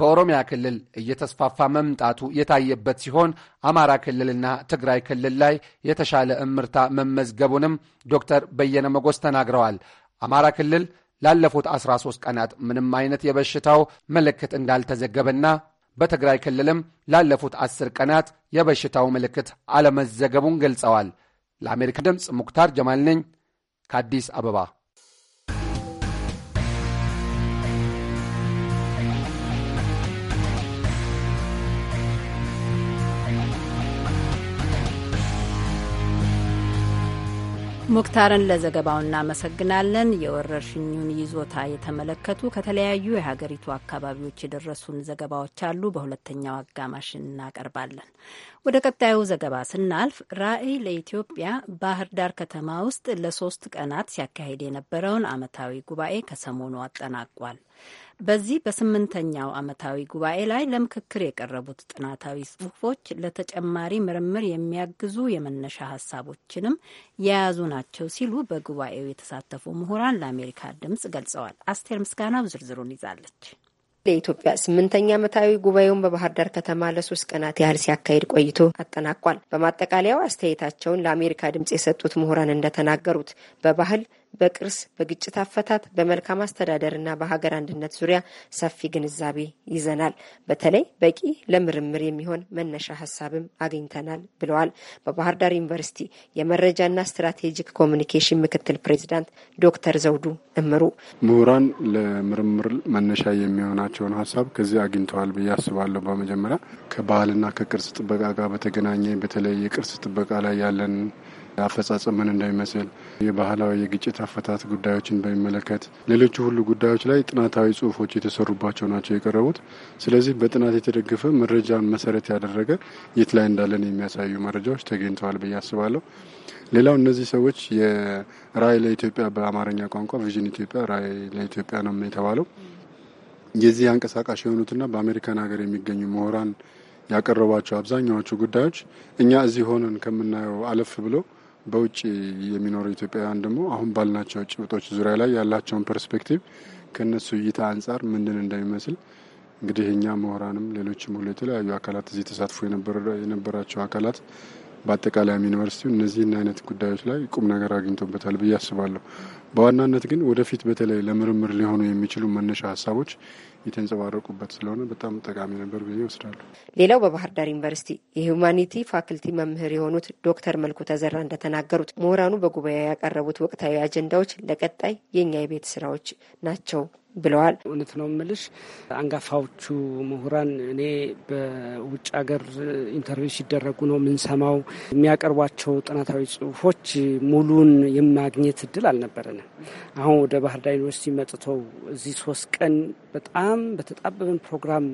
H: በኦሮሚያ ክልል እየተስፋፋ መምጣቱ የታየበት ሲሆን አማራ ክልልና ትግራይ ክልል ላይ የተሻለ እምርታ መመዝገቡንም ዶክተር በየነ መጎስ ተናግረዋል። አማራ ክልል ላለፉት 13 ቀናት ምንም አይነት የበሽታው ምልክት እንዳልተዘገበና በትግራይ ክልልም ላለፉት አስር ቀናት የበሽታው ምልክት አለመዘገቡን ገልጸዋል። ለአሜሪካ ድምፅ ሙክታር ጀማል ነኝ ከአዲስ አበባ
C: ሙክታርን ለዘገባው እናመሰግናለን። የወረርሽኙን ይዞታ የተመለከቱ ከተለያዩ የሀገሪቱ አካባቢዎች የደረሱን ዘገባዎች አሉ። በሁለተኛው አጋማሽ እናቀርባለን። ወደ ቀጣዩ ዘገባ ስናልፍ ራዕይ ለኢትዮጵያ ባህር ዳር ከተማ ውስጥ ለሶስት ቀናት ሲያካሂድ የነበረውን ዓመታዊ ጉባኤ ከሰሞኑ አጠናቋል። በዚህ በስምንተኛው ዓመታዊ ጉባኤ ላይ ለምክክር የቀረቡት ጥናታዊ ጽሁፎች ለተጨማሪ ምርምር የሚያግዙ የመነሻ ሀሳቦችንም የያዙ ናቸው ሲሉ በጉባኤው የተሳተፉ ምሁራን ለአሜሪካ ድምጽ ገልጸዋል። አስቴር ምስጋናው ዝርዝሩን ይዛለች።
J: ለኢትዮጵያ ስምንተኛ ዓመታዊ ጉባኤውን በባህር ዳር ከተማ ለሶስት ቀናት ያህል ሲያካሂድ ቆይቶ አጠናቋል። በማጠቃለያው አስተያየታቸውን ለአሜሪካ ድምጽ የሰጡት ምሁራን እንደተናገሩት በባህል በቅርስ፣ በግጭት አፈታት፣ በመልካም አስተዳደር እና በሀገር አንድነት ዙሪያ ሰፊ ግንዛቤ ይዘናል። በተለይ በቂ ለምርምር የሚሆን መነሻ ሀሳብም አግኝተናል ብለዋል። በባህር ዳር ዩኒቨርሲቲ የመረጃና ስትራቴጂክ ኮሚኒኬሽን ምክትል ፕሬዚዳንት ዶክተር ዘውዱ
K: እምሩ ምሁራን ለምርምር መነሻ የሚሆናቸውን ሀሳብ ከዚህ አግኝተዋል ብዬ አስባለሁ። በመጀመሪያ ከባህልና ከቅርስ ጥበቃ ጋር በተገናኘ በተለይ የቅርስ ጥበቃ ላይ ያለን አፈጻጸምን እንደሚመስል፣ የባህላዊ የግጭት አፈታት ጉዳዮችን በሚመለከት ሌሎቹ ሁሉ ጉዳዮች ላይ ጥናታዊ ጽሁፎች የተሰሩባቸው ናቸው የቀረቡት። ስለዚህ በጥናት የተደገፈ መረጃን መሰረት ያደረገ የት ላይ እንዳለን የሚያሳዩ መረጃዎች ተገኝተዋል ብዬ አስባለሁ። ሌላው እነዚህ ሰዎች የራዕይ ለኢትዮጵያ በአማርኛ ቋንቋ ቪዥን ኢትዮጵያ ራዕይ ለኢትዮጵያ ነው የተባለው የዚህ አንቀሳቃሽ የሆኑትና በአሜሪካን ሀገር የሚገኙ ምሁራን ያቀረቧቸው አብዛኛዎቹ ጉዳዮች እኛ እዚህ ሆነን ከምናየው አለፍ ብሎ በውጭ የሚኖሩ ኢትዮጵያውያን ደግሞ አሁን ባልናቸው ጭብጦች ዙሪያ ላይ ያላቸውን ፐርስፔክቲቭ ከእነሱ እይታ አንጻር ምንድን እንደሚመስል እንግዲህ እኛ ምሁራንም ሌሎችም ሁሉ የተለያዩ አካላት እዚህ ተሳትፎ የነበራቸው አካላት በአጠቃላይም ዩኒቨርሲቲው እነዚህን አይነት ጉዳዮች ላይ ቁም ነገር አግኝቶበታል ብዬ አስባለሁ። በዋናነት ግን ወደፊት በተለይ ለምርምር ሊሆኑ የሚችሉ መነሻ ሀሳቦች የተንጸባረቁበት ስለሆነ በጣም ጠቃሚ ነበር ብዬ ይወስዳሉ።
J: ሌላው በባህር ዳር ዩኒቨርሲቲ የሁማኒቲ ፋክልቲ መምህር የሆኑት ዶክተር መልኩ ተዘራ እንደተናገሩት ምሁራኑ በጉባኤ ያቀረቡት ወቅታዊ አጀንዳዎች ለቀጣይ የእኛ የቤት ስራዎች ናቸው ብለዋል። እውነት ነው ምልሽ
L: አንጋፋዎቹ ምሁራን እኔ በውጭ ሀገር ኢንተርቪው ሲደረጉ ነው የምንሰማው። የሚያቀርቧቸው ጥናታዊ ጽሁፎች ሙሉን የማግኘት እድል አልነበረንም። አሁን ወደ ባህር ዳር ዩኒቨርሲቲ መጥተው እዚህ ሶስት ቀን በጣም በተጣበበን ፕሮግራም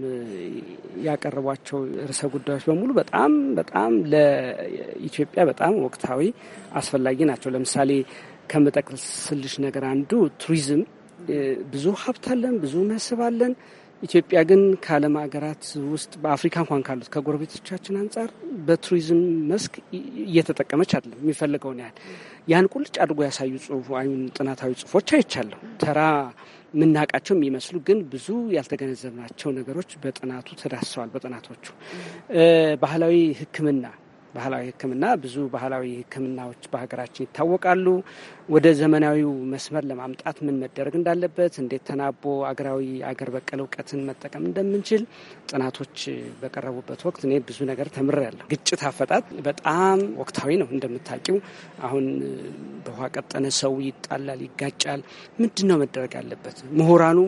L: ያቀረቧቸው ርዕሰ ጉዳዮች በሙሉ በጣም በጣም ለኢትዮጵያ በጣም ወቅታዊ አስፈላጊ ናቸው። ለምሳሌ ከምጠቅስልሽ ነገር አንዱ ቱሪዝም ብዙ ሀብት አለን፣ ብዙ መስህብ አለን። ኢትዮጵያ ግን ከዓለም ሀገራት ውስጥ በአፍሪካ እንኳን ካሉት ከጎረቤቶቻችን አንጻር በቱሪዝም መስክ እየተጠቀመች አይደለም የሚፈልገውን ያህል። ያን ቁልጭ አድርጎ ያሳዩ ጥናታዊ ጽሁፎች አይቻለሁ። ተራ የምናውቃቸው የሚመስሉ ግን ብዙ ያልተገነዘብናቸው ነገሮች በጥናቱ ተዳስሰዋል። በጥናቶቹ ባህላዊ ሕክምና ባህላዊ ሕክምና ብዙ ባህላዊ ሕክምናዎች በሀገራችን ይታወቃሉ። ወደ ዘመናዊው መስመር ለማምጣት ምን መደረግ እንዳለበት፣ እንዴት ተናቦ አገራዊ አገር በቀል እውቀትን መጠቀም እንደምንችል ጥናቶች በቀረቡበት ወቅት እኔ ብዙ ነገር ተምሬያለሁ። ግጭት አፈጣጥ በጣም ወቅታዊ ነው እንደምታውቂው። አሁን በውሃ ቀጠነ ሰው ይጣላል፣ ይጋጫል። ምንድን ነው መደረግ ያለበት? ምሁራኑ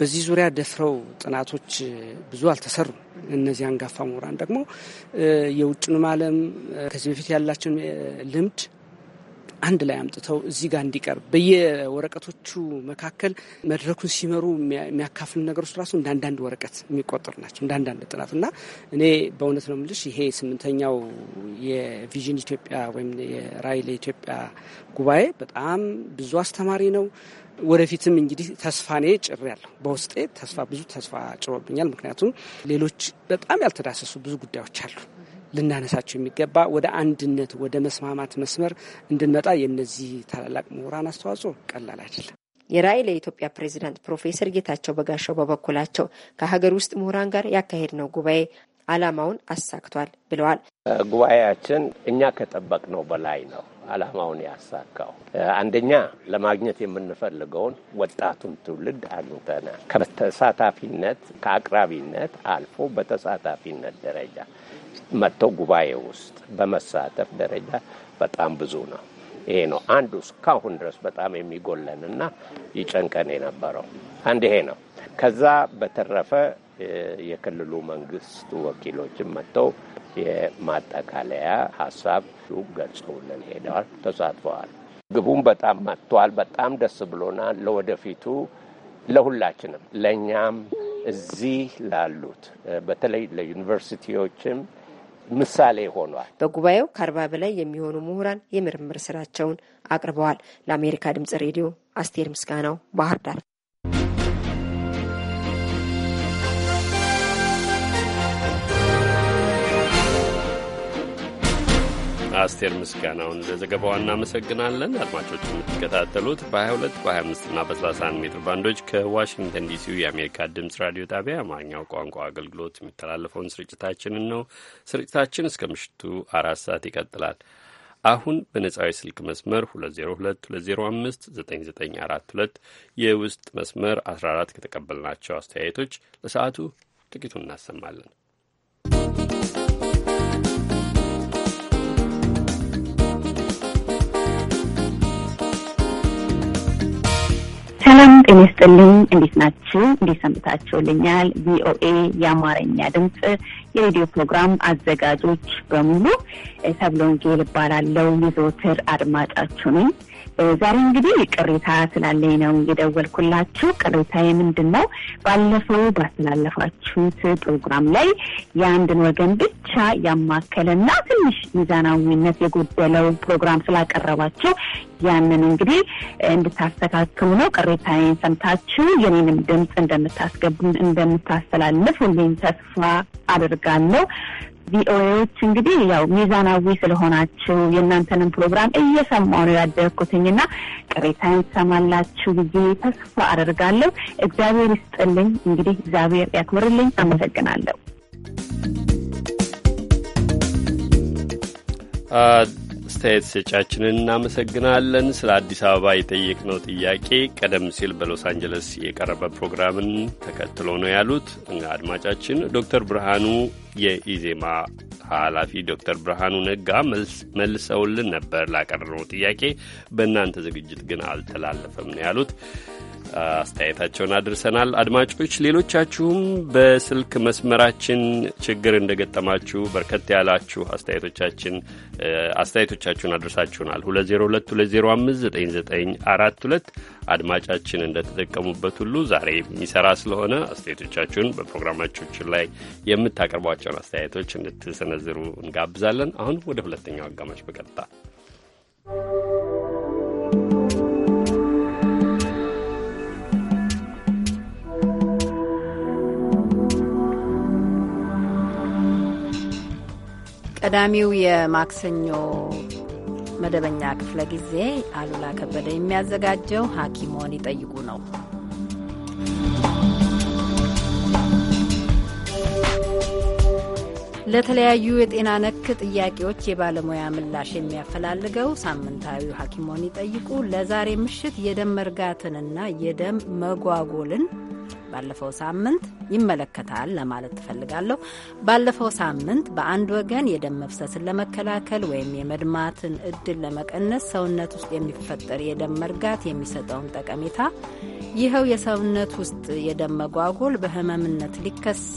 L: በዚህ ዙሪያ ደፍረው ጥናቶች ብዙ አልተሰሩም። እነዚህ አንጋፋ ምሁራን ደግሞ የውጭንም ዓለም ከዚህ በፊት ያላቸውን ልምድ አንድ ላይ አምጥተው እዚህ ጋር እንዲቀርብ በየወረቀቶቹ መካከል መድረኩን ሲመሩ የሚያካፍሉ ነገሮች ራሱ እንዳንዳንድ ወረቀት የሚቆጠሩ ናቸው እንዳንዳንድ ጥናት እና እኔ በእውነት ነው የምልሽ ይሄ ስምንተኛው የቪዥን ኢትዮጵያ ወይም የራዕይ ለኢትዮጵያ ጉባኤ በጣም ብዙ አስተማሪ ነው። ወደፊትም እንግዲህ ተስፋ እኔ ጭር ያለሁ በውስጤ ተስፋ ብዙ ተስፋ ጭሮብኛል። ምክንያቱም ሌሎች በጣም ያልተዳሰሱ ብዙ ጉዳዮች አሉ። ልናነሳቸው የሚገባ ወደ አንድነት፣ ወደ መስማማት መስመር እንድንመጣ የነዚህ ታላላቅ
J: ምሁራን አስተዋጽኦ ቀላል አይደለም። የራዕይ ለኢትዮጵያ ፕሬዚዳንት ፕሮፌሰር ጌታቸው በጋሻው በበኩላቸው ከሀገር ውስጥ ምሁራን ጋር ነው ጉባኤ አላማውን አሳክቷል ብለዋል።
A: ጉባኤያችን እኛ ከጠበቅነው በላይ ነው አላማውን ያሳካው። አንደኛ ለማግኘት የምንፈልገውን ወጣቱን ትውልድ አግኝተናል። ከተሳታፊነት ከአቅራቢነት አልፎ በተሳታፊነት ደረጃ መጥተው ጉባኤ ውስጥ በመሳተፍ ደረጃ በጣም ብዙ ነው። ይሄ ነው አንዱ እስካሁን ድረስ በጣም የሚጎለን እና ይጨንቀን የነበረው አንድ ይሄ ነው። ከዛ በተረፈ የክልሉ መንግስት ወኪሎችም መጥተው የማጠቃለያ ሀሳብ ገልጸውልን ሄደዋል፣ ተሳትፈዋል። ግቡም በጣም መጥቷል። በጣም ደስ ብሎናል። ለወደፊቱ ለሁላችንም ለእኛም እዚህ ላሉት በተለይ ለዩኒቨርሲቲዎችም ምሳሌ ሆኗል።
J: በጉባኤው ከአርባ በላይ የሚሆኑ ምሁራን የምርምር ስራቸውን አቅርበዋል። ለአሜሪካ ድምጽ ሬዲዮ አስቴር ምስጋናው ባህር ዳር
A: አስቴር ምስጋናውን ለዘገባዋ እናመሰግናለን። አድማጮች የምትከታተሉት በ22 በ25 እና በ31 ሜትር ባንዶች ከዋሽንግተን ዲሲው የአሜሪካ ድምፅ ራዲዮ ጣቢያ የአማርኛው ቋንቋ አገልግሎት የሚተላለፈውን ስርጭታችንን ነው። ስርጭታችን እስከ ምሽቱ አራት ሰዓት ይቀጥላል። አሁን በነጻዊ ስልክ መስመር 2022059942 የውስጥ መስመር 14 ከተቀበልናቸው አስተያየቶች ለሰዓቱ ጥቂቱን እናሰማለን።
F: ሰላም ጤና ይስጥልኝ። እንዴት ናችሁ? እንዴት ሰምታችሁልኛል?
C: ቪኦኤ የአማርኛ ድምፅ የሬዲዮ ፕሮግራም አዘጋጆች በሙሉ ሰብለ ወንጌል እባላለሁ። የዘወትር አድማጫችሁ ነኝ። ዛሬ እንግዲህ ቅሬታ ስላለኝ ነው የደወልኩላችሁ። ቅሬታ የምንድን ነው? ባለፈው ባስተላለፋችሁት ፕሮግራም ላይ የአንድን ወገን ብቻ ያማከለና ትንሽ ሚዛናዊነት የጎደለው ፕሮግራም ስላቀረባችሁ ያንን እንግዲህ እንድታስተካክሉ ነው። ቅሬታዬን ሰምታችሁ የኔንም ድምፅ እንደምታስገቡ ሁሌም ተስፋ አድርጋለሁ። ቪኦኤዎች እንግዲህ ያው ሚዛናዊ ስለሆናችሁ የእናንተንም ፕሮግራም እየሰማሁ ነው ና ቅሬታ ትሰማላችሁ ብዬ ተስፋ አደርጋለሁ። እግዚአብሔር ይስጥልኝ። እንግዲህ
E: እግዚአብሔር ያክብርልኝ። አመሰግናለሁ።
A: አስተያየት ሰጫችንን እናመሰግናለን። ስለ አዲስ አበባ የጠየቅነው ጥያቄ ቀደም ሲል በሎስ አንጀለስ የቀረበ ፕሮግራምን ተከትሎ ነው ያሉት አድማጫችን ዶክተር ብርሃኑ የኢዜማ ኃላፊ ዶክተር ብርሃኑ ነጋ መልሰውልን ነበር ላቀረበው ጥያቄ፣ በእናንተ ዝግጅት ግን አልተላለፈም ነው ያሉት። አስተያየታቸውን አድርሰናል። አድማጮች ሌሎቻችሁም በስልክ መስመራችን ችግር እንደገጠማችሁ በርከት ያላችሁ አስተያየቶቻችን አስተያየቶቻችሁን አድርሳችሁናል። 2022059942 አድማጫችን እንደተጠቀሙበት ሁሉ ዛሬ የሚሰራ ስለሆነ አስተያየቶቻችሁን በፕሮግራማችን ላይ የምታቀርቧቸውን አስተያየቶች እንድትሰነዝሩ እንጋብዛለን። አሁን ወደ ሁለተኛው አጋማሽ በቀጥታ
C: ቀዳሚው የማክሰኞ መደበኛ ክፍለ ጊዜ አሉላ ከበደ የሚያዘጋጀው ሐኪሞን ይጠይቁ ነው። ለተለያዩ የጤና ነክ ጥያቄዎች የባለሙያ ምላሽ የሚያፈላልገው ሳምንታዊው ሐኪሞን ይጠይቁ ለዛሬ ምሽት የደም መርጋትንና የደም መጓጎልን ባለፈው ሳምንት ይመለከታል ለማለት ትፈልጋለሁ። ባለፈው ሳምንት በአንድ ወገን የደም መፍሰስን ለመከላከል ወይም የመድማትን እድል ለመቀነስ ሰውነት ውስጥ የሚፈጠር የደም መርጋት የሚሰጠውን ጠቀሜታ ይኸው የሰውነት ውስጥ የደም መጓጎል በህመምነት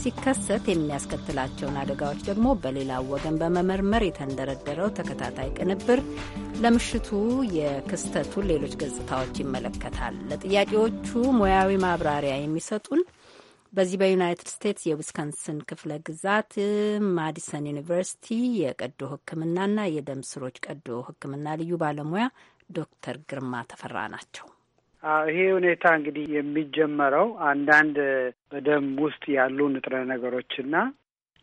C: ሲከሰት የሚያስከትላቸውን አደጋዎች ደግሞ በሌላው ወገን በመመርመር የተንደረደረው ተከታታይ ቅንብር ለምሽቱ የክስተቱን ሌሎች ገጽታዎች ይመለከታል። ለጥያቄዎቹ ሙያዊ ማብራሪያ የሚ እንደሚሰጡን በዚህ በዩናይትድ ስቴትስ የዊስከንስን ክፍለ ግዛት ማዲሰን ዩኒቨርሲቲ የቀዶ ሕክምናና የደም ስሮች ቀዶ ሕክምና ልዩ ባለሙያ ዶክተር ግርማ ተፈራ ናቸው።
F: ይሄ ሁኔታ እንግዲህ የሚጀመረው አንዳንድ በደም ውስጥ ያሉ ንጥረ ነገሮችና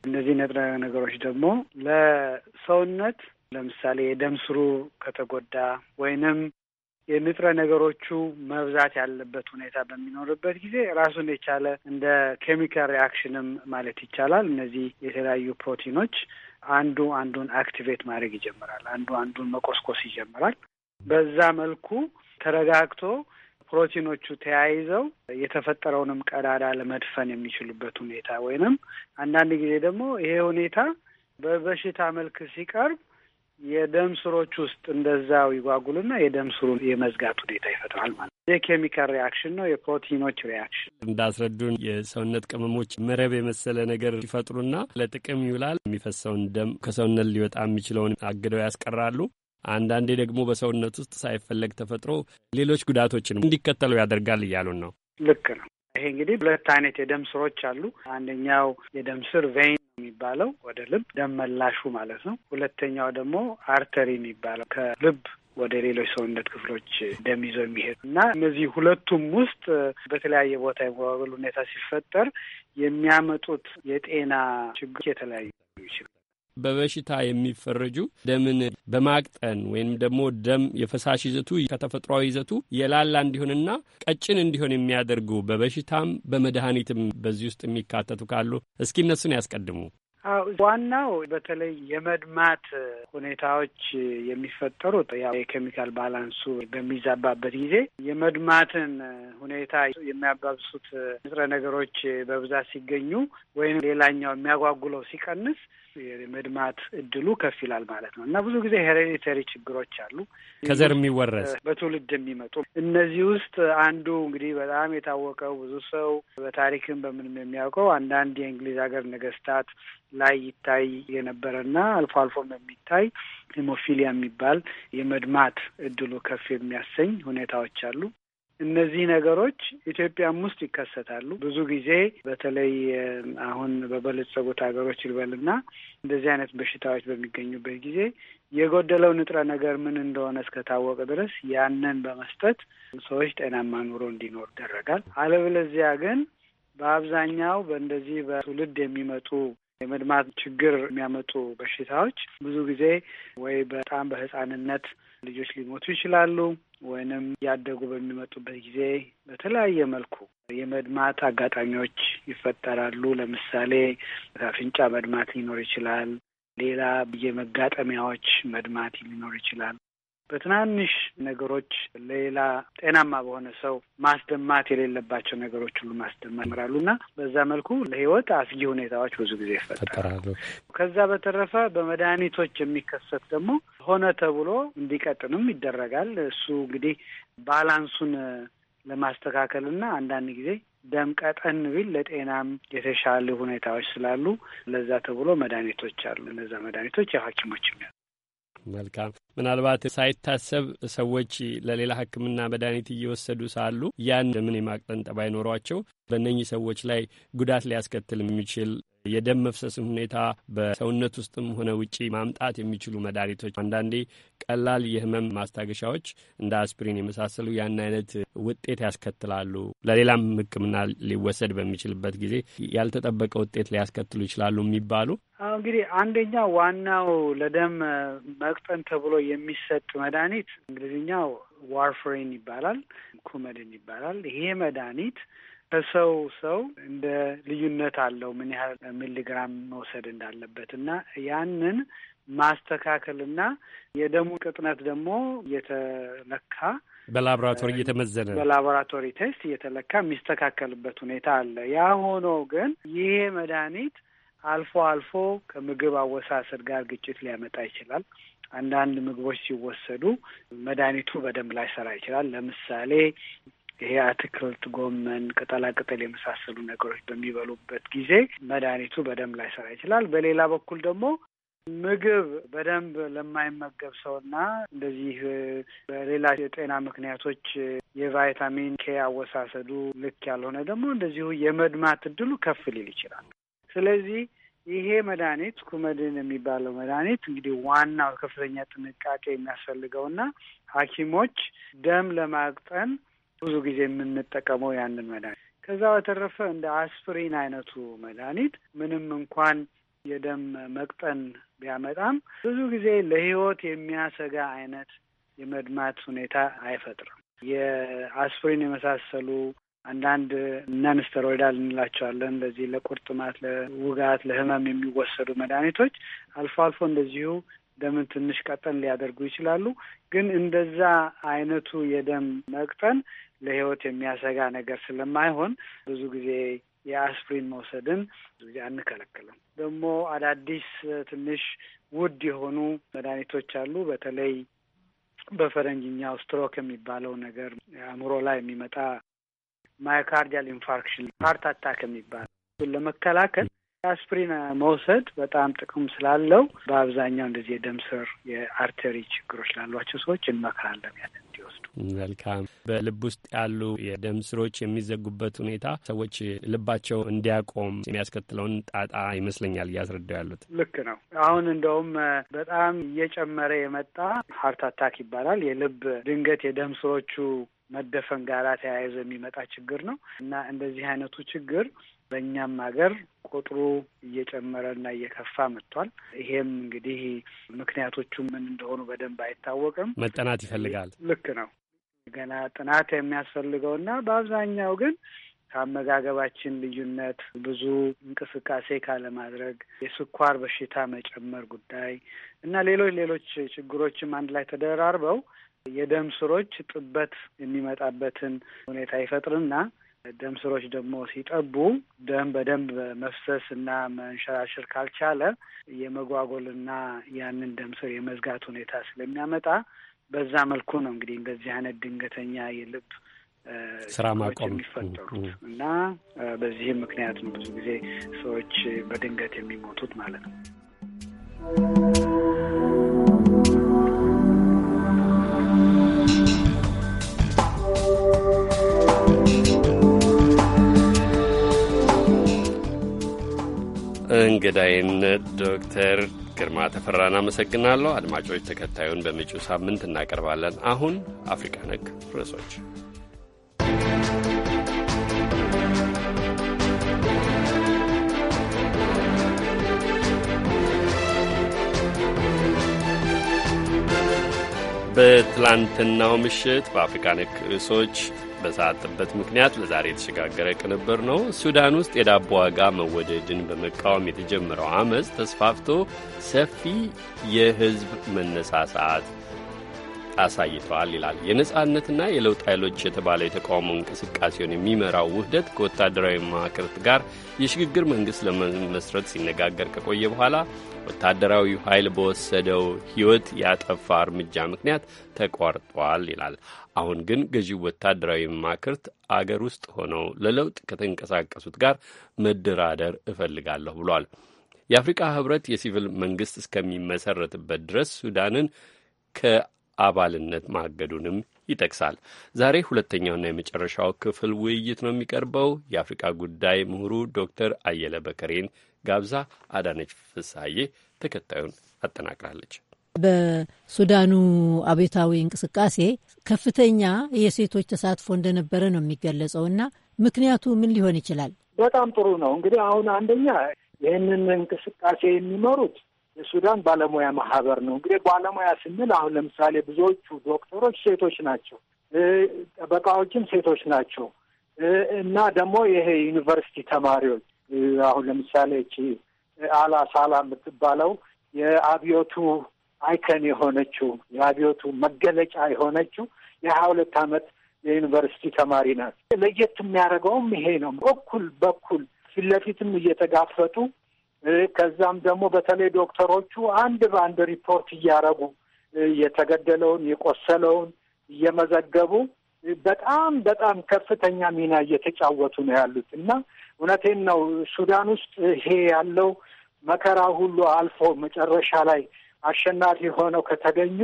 F: እነዚህ ንጥረ ነገሮች ደግሞ ለሰውነት ለምሳሌ የደም ስሩ ከተጎዳ ወይንም የንጥረ ነገሮቹ መብዛት ያለበት ሁኔታ በሚኖርበት ጊዜ ራሱን የቻለ እንደ ኬሚካል ሪያክሽንም ማለት ይቻላል እነዚህ የተለያዩ ፕሮቲኖች አንዱ አንዱን አክቲቬት ማድረግ ይጀምራል። አንዱ አንዱን መቆስቆስ ይጀምራል። በዛ መልኩ ተረጋግቶ ፕሮቲኖቹ ተያይዘው የተፈጠረውንም ቀዳዳ ለመድፈን የሚችሉበት ሁኔታ ወይንም አንዳንድ ጊዜ ደግሞ ይሄ ሁኔታ በበሽታ መልክ ሲቀርብ የደም ስሮች ውስጥ እንደዛው ይጓጉልና የደም ስሩ የመዝጋት ሁኔታ ይፈጥራል ማለት ነው። የኬሚካል ሪያክሽን ነው፣ የፕሮቲኖች ሪያክሽን።
A: እንዳስረዱን የሰውነት ቅመሞች መረብ የመሰለ ነገር ይፈጥሩና ለጥቅም ይውላል። የሚፈሰውን ደም ከሰውነት ሊወጣ የሚችለውን አግደው ያስቀራሉ። አንዳንዴ ደግሞ በሰውነት ውስጥ ሳይፈለግ ተፈጥሮ ሌሎች ጉዳቶችን እንዲከተሉ ያደርጋል እያሉን ነው።
F: ልክ ነው። ይሄ እንግዲህ ሁለት አይነት የደም ስሮች አሉ። አንደኛው የደም ስር ቬይን የሚባለው ወደ ልብ ደም መላሹ ማለት ነው። ሁለተኛው ደግሞ አርተሪ የሚባለው ከልብ ወደ ሌሎች ሰውነት ክፍሎች ደም ይዘው የሚሄዱ እና እነዚህ ሁለቱም ውስጥ በተለያየ ቦታ የመዋበል ሁኔታ ሲፈጠር የሚያመጡት የጤና ችግር የተለያዩ ይችላል።
A: በበሽታ የሚፈረጁ ደምን በማቅጠን ወይም ደግሞ ደም የፈሳሽ ይዘቱ ከተፈጥሯዊ ይዘቱ የላላ እንዲሆንና ቀጭን እንዲሆን የሚያደርጉ በበሽታም በመድኃኒትም በዚህ ውስጥ የሚካተቱ ካሉ እስኪ እነሱን ያስቀድሙ።
F: ዋናው በተለይ የመድማት ሁኔታዎች የሚፈጠሩት ያው የኬሚካል ባላንሱ በሚዛባበት ጊዜ የመድማትን ሁኔታ የሚያባብሱት ንጥረ ነገሮች በብዛት ሲገኙ ወይም ሌላኛው የሚያጓጉለው ሲቀንስ የመድማት እድሉ ከፍ ይላል ማለት ነው እና ብዙ ጊዜ ሄሬዲተሪ ችግሮች አሉ። ከዘር የሚወረስ በትውልድ የሚመጡ እነዚህ ውስጥ አንዱ እንግዲህ በጣም የታወቀው ብዙ ሰው በታሪክም በምንም የሚያውቀው አንዳንድ የእንግሊዝ ሀገር ነገስታት ላይ ይታይ የነበረና አልፎ አልፎም የሚታይ ሂሞፊሊያ የሚባል የመድማት እድሉ ከፍ የሚያሰኝ ሁኔታዎች አሉ። እነዚህ ነገሮች ኢትዮጵያም ውስጥ ይከሰታሉ። ብዙ ጊዜ በተለይ አሁን በበለጸጉት ሀገሮች ይልበልና እንደዚህ አይነት በሽታዎች በሚገኙበት ጊዜ የጎደለው ንጥረ ነገር ምን እንደሆነ እስከታወቀ ድረስ ያንን በመስጠት ሰዎች ጤናማ ኑሮ እንዲኖር ይደረጋል። አለበለዚያ ግን በአብዛኛው በእንደዚህ በትውልድ የሚመጡ የመድማት ችግር የሚያመጡ በሽታዎች ብዙ ጊዜ ወይ በጣም በህጻንነት። ልጆች ሊሞቱ ይችላሉ ወይንም ያደጉ በሚመጡበት ጊዜ በተለያየ መልኩ የመድማት አጋጣሚዎች ይፈጠራሉ። ለምሳሌ አፍንጫ መድማት ሊኖር ይችላል። ሌላ የመጋጠሚያዎች መድማት ሊኖር ይችላል። በትናንሽ ነገሮች ሌላ ጤናማ በሆነ ሰው ማስደማት የሌለባቸው ነገሮች ሁሉ ማስደማት ይምራሉ እና በዛ መልኩ ለህይወት አስጊ ሁኔታዎች ብዙ ጊዜ ይፈጠራሉ። ከዛ በተረፈ በመድኃኒቶች የሚከሰት ደግሞ ሆነ ተብሎ እንዲቀጥንም ይደረጋል። እሱ እንግዲህ ባላንሱን ለማስተካከል እና አንዳንድ ጊዜ ደም ቀጠን ቢል ለጤናም የተሻለ ሁኔታዎች ስላሉ ለዛ ተብሎ መድኃኒቶች አሉ። እነዛ መድኃኒቶች የሐኪሞች የሚያ
A: መልካም። ምናልባት ሳይታሰብ ሰዎች ለሌላ ሕክምና መድኃኒት እየወሰዱ ሳሉ ያን ለምን የማቅጠን ጠባይ ኖሯቸው በእነኚህ ሰዎች ላይ ጉዳት ሊያስከትል የሚችል የደም መፍሰስም ሁኔታ በሰውነት ውስጥም ሆነ ውጪ ማምጣት የሚችሉ መድኃኒቶች፣ አንዳንዴ ቀላል የህመም ማስታገሻዎች እንደ አስፕሪን የመሳሰሉ ያን አይነት ውጤት ያስከትላሉ። ለሌላም ህክምና ሊወሰድ በሚችልበት ጊዜ ያልተጠበቀ ውጤት ሊያስከትሉ ይችላሉ የሚባሉ
F: አሁ እንግዲህ አንደኛ ዋናው ለደም መቅጠን ተብሎ የሚሰጥ መድኃኒት እንግሊዝኛው ዋርፍሬን ይባላል፣ ኩመድን ይባላል። ይሄ መድኃኒት ከሰው ሰው እንደ ልዩነት አለው ምን ያህል ሚሊግራም መውሰድ እንዳለበት እና ያንን ማስተካከልና የደሙ ቅጥነት ደግሞ እየተለካ
A: በላቦራቶሪ እየተመዘነ
F: በላቦራቶሪ ቴስት እየተለካ የሚስተካከልበት ሁኔታ አለ። ያ ሆኖ ግን ይሄ መድኃኒት አልፎ አልፎ ከምግብ አወሳሰድ ጋር ግጭት ሊያመጣ ይችላል። አንዳንድ ምግቦች ሲወሰዱ መድኃኒቱ በደንብ ላይሰራ ይችላል። ለምሳሌ ይሄ አትክልት፣ ጎመን፣ ቅጠላቅጠል የመሳሰሉ ነገሮች በሚበሉበት ጊዜ መድኃኒቱ በደንብ ላይሰራ ይችላል። በሌላ በኩል ደግሞ ምግብ በደንብ ለማይመገብ ሰውና እንደዚህ በሌላ የጤና ምክንያቶች የቫይታሚን ኬ አወሳሰዱ ልክ ያልሆነ ደግሞ እንደዚሁ የመድማት እድሉ ከፍ ሊል ይችላል። ስለዚህ ይሄ መድኃኒት ኩመድን የሚባለው መድኃኒት እንግዲህ ዋናው ከፍተኛ ጥንቃቄ የሚያስፈልገው እና ሐኪሞች ደም ለማቅጠን ብዙ ጊዜ የምንጠቀመው ያንን መድኃኒት ከዛ በተረፈ እንደ አስፕሪን አይነቱ መድኃኒት ምንም እንኳን የደም መቅጠን ቢያመጣም ብዙ ጊዜ ለህይወት የሚያሰጋ አይነት የመድማት ሁኔታ አይፈጥርም። የአስፕሪን የመሳሰሉ አንዳንድ ነን እንላቸዋለን። እንደዚህ ለቁርጥማት፣ ለውጋት፣ ለህመም የሚወሰዱ መድኃኒቶች አልፎ አልፎ እንደዚሁ ደምን ትንሽ ቀጠን ሊያደርጉ ይችላሉ። ግን እንደዛ አይነቱ የደም መቅጠን ለህይወት የሚያሰጋ ነገር ስለማይሆን ብዙ ጊዜ የአስፕሪን መውሰድን ብዙ ጊዜ አንከለክልም። ደግሞ አዳዲስ ትንሽ ውድ የሆኑ መድኃኒቶች አሉ። በተለይ በፈረንጅኛው ስትሮክ የሚባለው ነገር አእምሮ ላይ የሚመጣ ማዮካርዲያል ኢንፋርክሽን ሀርት አታክ የሚባል እሱን ለመከላከል አስፕሪን መውሰድ በጣም ጥቅም ስላለው በአብዛኛው እንደዚህ የደም ስር የአርተሪ ችግሮች ላሏቸው ሰዎች እንመክራለን ያለ
A: እንዲወስዱ። መልካም። በልብ ውስጥ ያሉ የደም ስሮች የሚዘጉበት ሁኔታ ሰዎች ልባቸው እንዲያቆም የሚያስከትለውን ጣጣ ይመስለኛል እያስረዳው ያሉት።
F: ልክ ነው። አሁን እንደውም በጣም እየጨመረ የመጣ ሀርት አታክ ይባላል የልብ ድንገት የደም ስሮቹ መደፈን ጋራ ተያይዞ የሚመጣ ችግር ነው እና እንደዚህ አይነቱ ችግር በእኛም ሀገር ቁጥሩ እየጨመረ እየከፋ መጥቷል። ይሄም እንግዲህ ምክንያቶቹ ምን እንደሆኑ በደንብ አይታወቅም፣ መጠናት ይፈልጋል። ልክ ነው። ገና ጥናት የሚያስፈልገው እና በአብዛኛው ግን ከአመጋገባችን ልዩነት፣ ብዙ እንቅስቃሴ ካለማድረግ፣ የስኳር በሽታ መጨመር ጉዳይ እና ሌሎች ሌሎች ችግሮችም አንድ ላይ ተደራርበው የደም ስሮች ጥበት የሚመጣበትን ሁኔታ ይፈጥርና ደም ስሮች ደግሞ ሲጠቡ ደም በደንብ መፍሰስ እና መንሸራሸር ካልቻለ የመጓጎልና ያንን ደም ስር የመዝጋት ሁኔታ ስለሚያመጣ በዛ መልኩ ነው እንግዲህ እንደዚህ አይነት ድንገተኛ የልብ ስራ ማቆም
M: የሚፈጠሩት
F: እና በዚህም ምክንያት ነው ብዙ ጊዜ ሰዎች በድንገት የሚሞቱት ማለት ነው።
A: እንግዳይን ዶክተር ግርማ ተፈራን አመሰግናለሁ አድማጮች ተከታዩን በመጪው ሳምንት እናቀርባለን። አሁን አፍሪካ ነክ ርዕሶች በትላንትናው ምሽት በአፍሪካ ነክ ርዕሶች በሰዓት ጥበት ምክንያት ለዛሬ የተሸጋገረ ቅንብር ነው። ሱዳን ውስጥ የዳቦ ዋጋ መወደድን በመቃወም የተጀመረው አመፅ ተስፋፍቶ ሰፊ የህዝብ መነሳሳት አሳይተዋል ይላል። የነጻነትና የለውጥ ኃይሎች የተባለ የተቃውሞ እንቅስቃሴውን የሚመራው ውህደት ከወታደራዊ መዋቅርት ጋር የሽግግር መንግሥት ለመመስረት ሲነጋገር ከቆየ በኋላ ወታደራዊ ኃይል በወሰደው ሕይወት ያጠፋ እርምጃ ምክንያት ተቋርጧል ይላል። አሁን ግን ገዢው ወታደራዊ መማክርት አገር ውስጥ ሆነው ለለውጥ ከተንቀሳቀሱት ጋር መደራደር እፈልጋለሁ ብሏል። የአፍሪካ ህብረት የሲቪል መንግስት እስከሚመሰረትበት ድረስ ሱዳንን ከአባልነት ማገዱንም ይጠቅሳል። ዛሬ ሁለተኛውና የመጨረሻው ክፍል ውይይት ነው የሚቀርበው። የአፍሪካ ጉዳይ ምሁሩ ዶክተር አየለ በከሬን ጋብዛ አዳነች ፍሳዬ ተከታዩን አጠናቅራለች።
D: በሱዳኑ አቤታዊ እንቅስቃሴ ከፍተኛ የሴቶች ተሳትፎ እንደነበረ ነው የሚገለጸው። እና ምክንያቱ ምን ሊሆን ይችላል?
M: በጣም ጥሩ ነው። እንግዲህ አሁን አንደኛ ይህንን እንቅስቃሴ የሚመሩት የሱዳን ባለሙያ ማህበር ነው። እንግዲህ ባለሙያ ስንል አሁን ለምሳሌ ብዙዎቹ ዶክተሮች ሴቶች ናቸው፣ ጠበቃዎችም ሴቶች ናቸው። እና ደግሞ ይሄ ዩኒቨርሲቲ ተማሪዎች አሁን ለምሳሌ እቺ አላ ሳላ የምትባለው የአብዮቱ አይከን የሆነችው የአብዮቱ መገለጫ የሆነችው የሀያ ሁለት ዓመት የዩኒቨርሲቲ ተማሪ ናት። ለየት የሚያደርገውም ይሄ ነው። እኩል በኩል ፊት ለፊትም እየተጋፈጡ ከዛም ደግሞ በተለይ ዶክተሮቹ አንድ በአንድ ሪፖርት እያደረጉ የተገደለውን የቆሰለውን እየመዘገቡ በጣም በጣም ከፍተኛ ሚና እየተጫወቱ ነው ያሉት እና እውነቴን ነው ሱዳን ውስጥ ይሄ ያለው መከራ ሁሉ አልፎ መጨረሻ ላይ አሸናፊ ሆነው ከተገኙ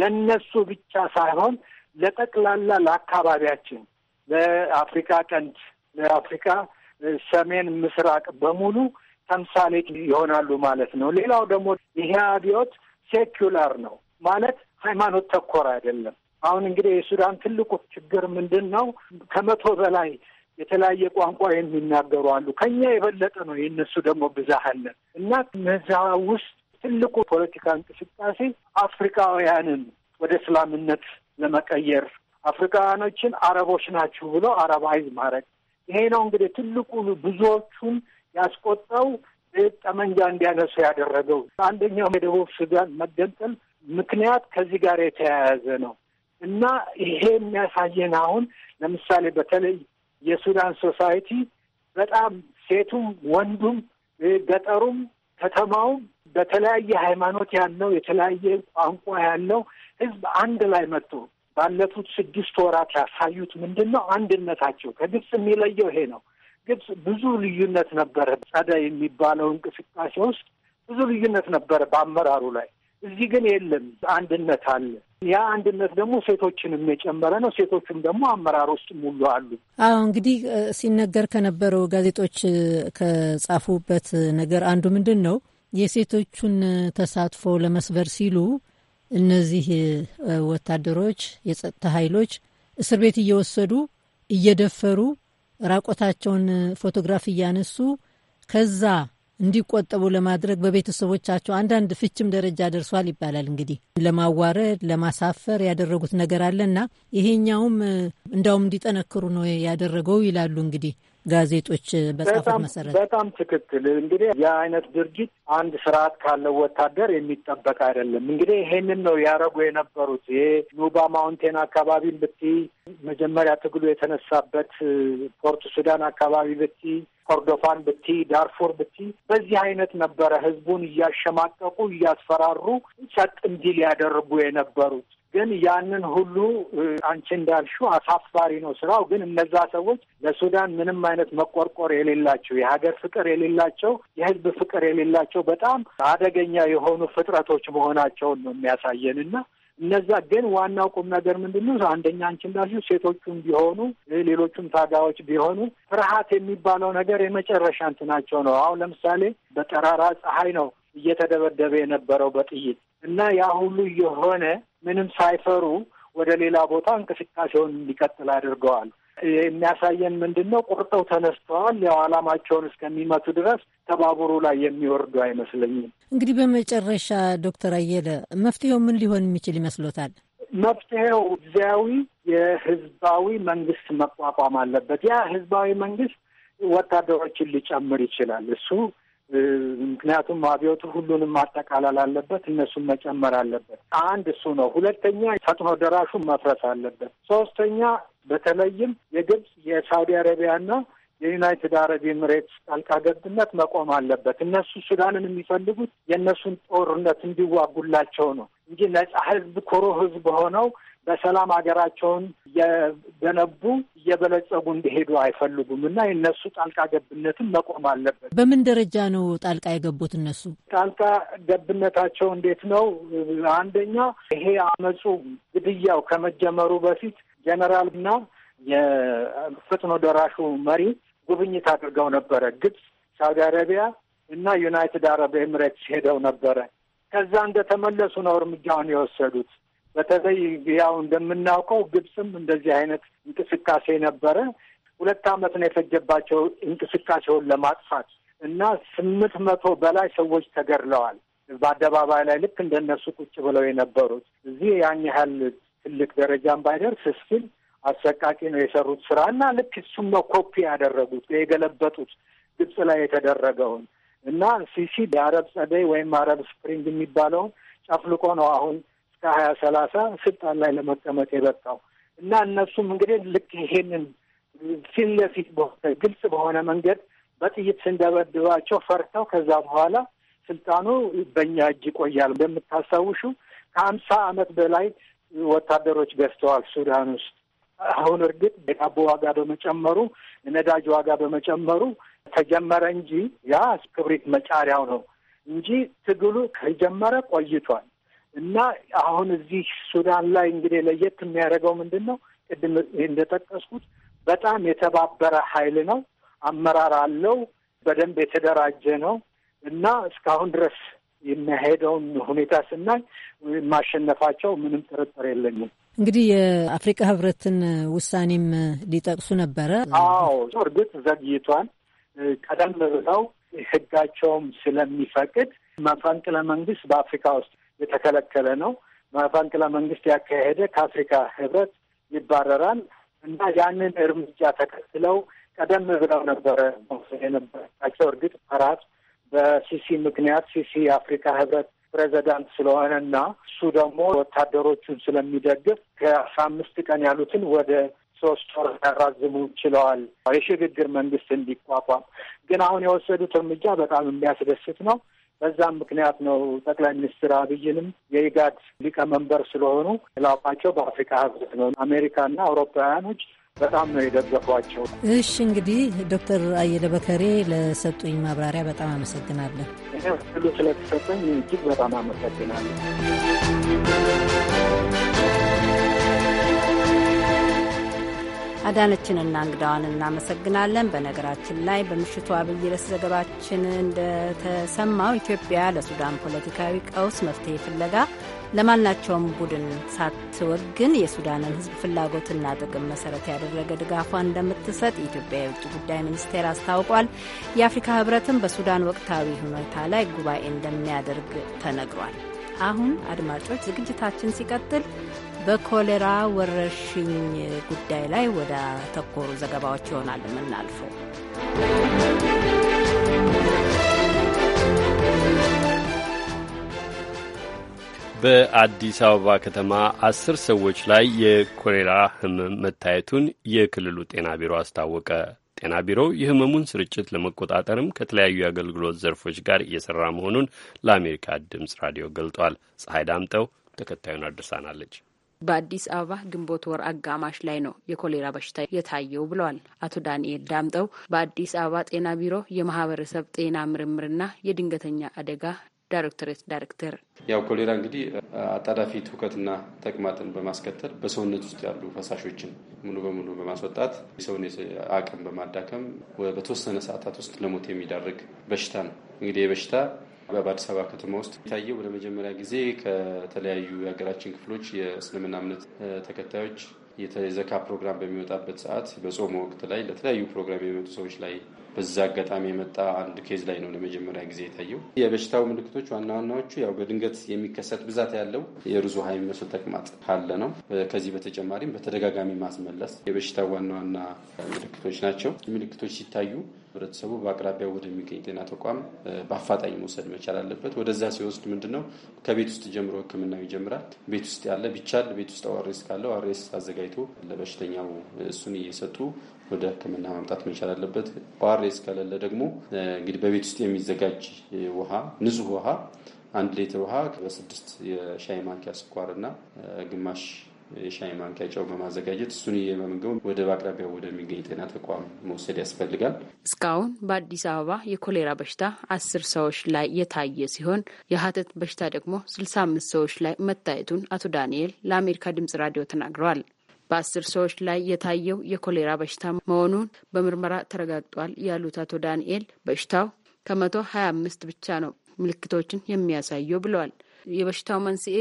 M: ለነሱ ብቻ ሳይሆን ለጠቅላላ ለአካባቢያችን፣ ለአፍሪካ ቀንድ፣ ለአፍሪካ ሰሜን ምስራቅ በሙሉ ተምሳሌ ይሆናሉ ማለት ነው። ሌላው ደግሞ ይሄ አብዮት ሴኩላር ነው ማለት ሃይማኖት ተኮር አይደለም። አሁን እንግዲህ የሱዳን ትልቁ ችግር ምንድን ነው? ከመቶ በላይ የተለያየ ቋንቋ የሚናገሩ አሉ። ከኛ የበለጠ ነው የእነሱ ደግሞ ብዛሃለን እና እነዛ ውስጥ ትልቁ ፖለቲካ እንቅስቃሴ አፍሪካውያንን ወደ እስላምነት ለመቀየር አፍሪካውያኖችን አረቦች ናችሁ ብሎ አረባይዝ ማድረግ ይሄ ነው እንግዲህ ትልቁ ብዙዎቹን ያስቆጣው ጠመንጃ እንዲያነሱ ያደረገው አንደኛው የደቡብ ሱዳን መገንጠል ምክንያት ከዚህ ጋር የተያያዘ ነው እና ይሄ የሚያሳየን አሁን ለምሳሌ በተለይ የሱዳን ሶሳይቲ በጣም ሴቱም፣ ወንዱም፣ ገጠሩም ከተማውም በተለያየ ሃይማኖት ያለው የተለያየ ቋንቋ ያለው ህዝብ አንድ ላይ መጥቶ ባለፉት ስድስት ወራት ያሳዩት ምንድን ነው? አንድነታቸው ከግብፅ የሚለየው ይሄ ነው። ግብፅ ብዙ ልዩነት ነበረ። ጸደ የሚባለው እንቅስቃሴ ውስጥ ብዙ ልዩነት ነበረ በአመራሩ ላይ። እዚህ ግን የለም፣ አንድነት አለ። ያ አንድነት ደግሞ ሴቶችንም የጨመረ ነው። ሴቶችም ደግሞ አመራር ውስጥ ሙሉ አሉ።
D: አዎ እንግዲህ ሲነገር ከነበረው ጋዜጦች ከጻፉበት ነገር አንዱ ምንድን ነው የሴቶቹን ተሳትፎ ለመስበር ሲሉ እነዚህ ወታደሮች፣ የጸጥታ ኃይሎች እስር ቤት እየወሰዱ እየደፈሩ ራቆታቸውን ፎቶግራፍ እያነሱ ከዛ እንዲቆጠቡ ለማድረግ በቤተሰቦቻቸው አንዳንድ ፍችም ደረጃ ደርሷል ይባላል። እንግዲህ ለማዋረድ ለማሳፈር ያደረጉት ነገር አለና ይሄኛውም እንዳውም እንዲጠነክሩ ነው ያደረገው ይላሉ። እንግዲህ ጋዜጦች በጻፉት መሰረት
M: በጣም ትክክል። እንግዲህ አይነት ድርጊት አንድ ስርዓት ካለው ወታደር የሚጠበቅ አይደለም። እንግዲህ ይሄንን ነው ያደረጉ የነበሩት። ይሄ ኑባ ማውንቴን አካባቢ ብቲ መጀመሪያ ትግሉ የተነሳበት ፖርት ሱዳን አካባቢ ብቲ፣ ኮርዶፋን ብቲ ዳርፉር ብቲ በዚህ አይነት ነበረ ህዝቡን እያሸማቀቁ እያስፈራሩ ሰጥ እንዲል ያደርጉ የነበሩት ግን ያንን ሁሉ አንቺ እንዳልሹ አሳፋሪ ነው ስራው። ግን እነዛ ሰዎች ለሱዳን ምንም አይነት መቆርቆር የሌላቸው የሀገር ፍቅር የሌላቸው የህዝብ ፍቅር የሌላቸው በጣም አደገኛ የሆኑ ፍጥረቶች መሆናቸውን ነው የሚያሳየን እና እነዛ ግን ዋናው ቁም ነገር ምንድን ነው? አንደኛ አንቺ እንዳልሽው ሴቶቹም ቢሆኑ ሌሎቹም ታጋዎች ቢሆኑ ፍርሃት የሚባለው ነገር የመጨረሻ እንትናቸው ነው። አሁን ለምሳሌ በጠራራ ፀሐይ ነው እየተደበደበ የነበረው በጥይት እና ያ ሁሉ የሆነ ምንም ሳይፈሩ ወደ ሌላ ቦታ እንቅስቃሴውን እንዲቀጥል አድርገዋል። የሚያሳየን ምንድን ነው? ቁርጠው ተነስተዋል። ያው አላማቸውን እስከሚመቱ ድረስ ከባቡሩ ላይ የሚወርዱ አይመስለኝም።
D: እንግዲህ በመጨረሻ ዶክተር አየለ መፍትሄው ምን ሊሆን የሚችል ይመስሎታል?
M: መፍትሄው ጊዜያዊ የህዝባዊ መንግስት መቋቋም አለበት። ያ ህዝባዊ መንግስት ወታደሮችን ሊጨምር ይችላል። እሱ ምክንያቱም አብዮቱ ሁሉንም ማጠቃለል አለበት፣ እነሱን መጨመር አለበት። አንድ እሱ ነው። ሁለተኛ ፈጥኖ ደራሹ መፍረስ አለበት። ሶስተኛ በተለይም የግብፅ የሳውዲ አረቢያና የዩናይትድ አረብ ኤምሬትስ ጣልቃ ገብነት መቆም አለበት። እነሱ ሱዳንን የሚፈልጉት የእነሱን ጦርነት እንዲዋጉላቸው ነው እንጂ ነጻ ህዝብ፣ ኩሩ ህዝብ ሆነው በሰላም ሀገራቸውን የገነቡ እየበለጸጉ እንዲሄዱ አይፈልጉም እና የእነሱ ጣልቃ ገብነትም መቆም አለበት።
D: በምን ደረጃ ነው ጣልቃ የገቡት እነሱ?
M: ጣልቃ ገብነታቸው እንዴት ነው? አንደኛ ይሄ አመፁ ግድያው ከመጀመሩ በፊት ጀነራል እና የፍጥኖ ደራሹ መሪ ጉብኝት አድርገው ነበረ። ግብፅ፣ ሳውዲ አረቢያ እና ዩናይትድ አረብ ኤምሬትስ ሄደው ነበረ። ከዛ እንደተመለሱ ነው እርምጃውን የወሰዱት። በተለይ ያው እንደምናውቀው ግብፅም እንደዚህ አይነት እንቅስቃሴ ነበረ። ሁለት ዓመት ነው የፈጀባቸው እንቅስቃሴውን ለማጥፋት እና ስምንት መቶ በላይ ሰዎች ተገድለዋል። በአደባባይ ላይ ልክ እንደነሱ ቁጭ ብለው የነበሩት እዚህ ያን ያህል ትልቅ ደረጃም ባይደርስ እስኪል አሰቃቂ ነው የሰሩት ስራ እና ልክ እሱም ኮፒ ያደረጉት የገለበጡት ግብፅ ላይ የተደረገውን እና ሲሲ የአረብ ጸደይ ወይም አረብ ስፕሪንግ የሚባለውን ጨፍልቆ ነው አሁን ሀያ ሰላሳ ስልጣን ላይ ለመቀመጥ የበቃው እና እነሱም እንግዲህ ልክ ይሄንን ፊት ለፊት ግልጽ በሆነ መንገድ በጥይት ስንደበድባቸው ፈርተው ከዛ በኋላ ስልጣኑ በእኛ እጅ ይቆያል። እንደምታስታውሹ ከአምሳ አመት በላይ ወታደሮች ገዝተዋል ሱዳን ውስጥ። አሁን እርግጥ የዳቦ ዋጋ በመጨመሩ የነዳጅ ዋጋ በመጨመሩ ተጀመረ እንጂ ያ ክብሪት መጫሪያው ነው እንጂ ትግሉ ከጀመረ ቆይቷል። እና አሁን እዚህ ሱዳን ላይ እንግዲህ ለየት የሚያደርገው ምንድን ነው? ቅድም እንደጠቀስኩት በጣም የተባበረ ኃይል ነው። አመራር አለው። በደንብ የተደራጀ ነው እና እስካሁን ድረስ የሚያሄደውን ሁኔታ ስናይ ማሸነፋቸው ምንም ጥርጥር የለኝም።
D: እንግዲህ የአፍሪካ ህብረትን ውሳኔም ሊጠቅሱ ነበረ።
M: አዎ እርግጥ ዘግይቷል። ቀደም ብለው ህጋቸውም ስለሚፈቅድ መፈንቅለ መንግስት በአፍሪካ ውስጥ የተከለከለ ነው። መፈንቅለ መንግስት ያካሄደ ከአፍሪካ ህብረት ይባረራል እና ያንን እርምጃ ተከትለው ቀደም ብለው ነበረ የነበረቸው እርግጥ አራት በሲሲ ምክንያት ሲሲ የአፍሪካ ህብረት ፕሬዚዳንት ስለሆነ እና እሱ ደግሞ ወታደሮቹን ስለሚደግፍ ከአስራ አምስት ቀን ያሉትን ወደ ሶስት ወር ያራዝሙ ችለዋል፣ የሽግግር መንግስት እንዲቋቋም። ግን አሁን የወሰዱት እርምጃ በጣም የሚያስደስት ነው። በዛም ምክንያት ነው ጠቅላይ ሚኒስትር አብይንም የኢጋድ ሊቀመንበር ስለሆኑ ላኳቸው በአፍሪካ ህብረት ነው። አሜሪካና አውሮፓውያኖች በጣም ነው የደገፏቸው።
D: እሺ እንግዲህ ዶክተር አየለ በከሬ ለሰጡኝ ማብራሪያ በጣም አመሰግናለሁ።
M: ሁሉ ስለተሰጠኝ እጅግ በጣም አመሰግናለሁ።
C: አዳነችንና እንግዳዋን እናመሰግናለን። በነገራችን ላይ በምሽቱ አብይ ርዕስ ዘገባችን እንደተሰማው ኢትዮጵያ ለሱዳን ፖለቲካዊ ቀውስ መፍትሄ ፍለጋ ለማናቸውም ቡድን ሳትወግን የሱዳንን ሕዝብ ፍላጎትና ጥቅም መሰረት ያደረገ ድጋፏን እንደምትሰጥ የኢትዮጵያ የውጭ ጉዳይ ሚኒስቴር አስታውቋል። የአፍሪካ ሕብረትም በሱዳን ወቅታዊ ሁኔታ ላይ ጉባኤ እንደሚያደርግ ተነግሯል። አሁን አድማጮች፣ ዝግጅታችን ሲቀጥል በኮሌራ ወረርሽኝ ጉዳይ ላይ ወደ ተኮሩ ዘገባዎች ይሆናል የምናልፈው።
A: በአዲስ አበባ ከተማ አስር ሰዎች ላይ የኮሌራ ህመም መታየቱን የክልሉ ጤና ቢሮ አስታወቀ። ጤና ቢሮው የህመሙን ስርጭት ለመቆጣጠርም ከተለያዩ የአገልግሎት ዘርፎች ጋር እየሰራ መሆኑን ለአሜሪካ ድምፅ ራዲዮ ገልጧል። ፀሐይ ዳምጠው ተከታዩን አድርሳናለች።
E: በአዲስ አበባ ግንቦት ወር አጋማሽ ላይ ነው የኮሌራ በሽታ የታየው ብለዋል አቶ ዳንኤል ዳምጠው በአዲስ አበባ ጤና ቢሮ የማህበረሰብ ጤና ምርምርና የድንገተኛ አደጋ ዳይሬክቶሬት ዳይሬክተር
N: ያው ኮሌራ እንግዲህ አጣዳፊ ትውከትና ተቅማጥን በማስከተል በሰውነት ውስጥ ያሉ ፈሳሾችን ሙሉ በሙሉ በማስወጣት የሰውን አቅም በማዳከም በተወሰነ ሰዓታት ውስጥ ለሞት የሚዳርግ በሽታ ነው። እንግዲህ የበሽታ በአዲስ አበባ ከተማ ውስጥ የታየው ለመጀመሪያ ጊዜ ከተለያዩ የሀገራችን ክፍሎች የእስልምና እምነት ተከታዮች የተዘካ ፕሮግራም በሚወጣበት ሰዓት በጾሙ ወቅት ላይ ለተለያዩ ፕሮግራም የመጡ ሰዎች ላይ በዛ አጋጣሚ የመጣ አንድ ኬዝ ላይ ነው ለመጀመሪያ ጊዜ የታየው። የበሽታው ምልክቶች ዋና ዋናዎቹ ያው በድንገት የሚከሰት ብዛት ያለው የሩዝ ውሃ የሚመስል ተቅማጥ ካለ ነው። ከዚህ በተጨማሪም በተደጋጋሚ ማስመለስ የበሽታው ዋና ዋና ምልክቶች ናቸው። ምልክቶች ሲታዩ ህብረተሰቡ በአቅራቢያው ወደሚገኝ ጤና ተቋም በአፋጣኝ መውሰድ መቻል አለበት። ወደዛ ሲወስድ ምንድን ነው ከቤት ውስጥ ጀምሮ ህክምናው ይጀምራል። ቤት ውስጥ ያለ ቢቻል ቤት ውስጥ አዋሬስ ካለው አሬስ አዘጋጅቶ ለበሽተኛው እሱን እየሰጡ ወደ ህክምና ማምጣት መቻል አለበት። ኦአርኤስ ከሌለ ደግሞ እንግዲህ በቤት ውስጥ የሚዘጋጅ ውሃ፣ ንጹህ ውሃ አንድ ሌትር ውሃ በስድስት የሻይ ማንኪያ ስኳርና ግማሽ የሻይ ማንኪያ ጨው በማዘጋጀት እሱን የመመገቡ ወደ በአቅራቢያ ወደሚገኝ ጤና ተቋም መውሰድ ያስፈልጋል።
E: እስካሁን በአዲስ አበባ የኮሌራ በሽታ አስር ሰዎች ላይ የታየ ሲሆን የሀተት በሽታ ደግሞ ስልሳ አምስት ሰዎች ላይ መታየቱን አቶ ዳንኤል ለአሜሪካ ድምጽ ራዲዮ ተናግረዋል። በአስር ሰዎች ላይ የታየው የኮሌራ በሽታ መሆኑን በምርመራ ተረጋግጧል ያሉት አቶ ዳንኤል በሽታው ከመቶ ሀያ አምስት ብቻ ነው ምልክቶችን የሚያሳየው ብለዋል። የበሽታው መንስኤ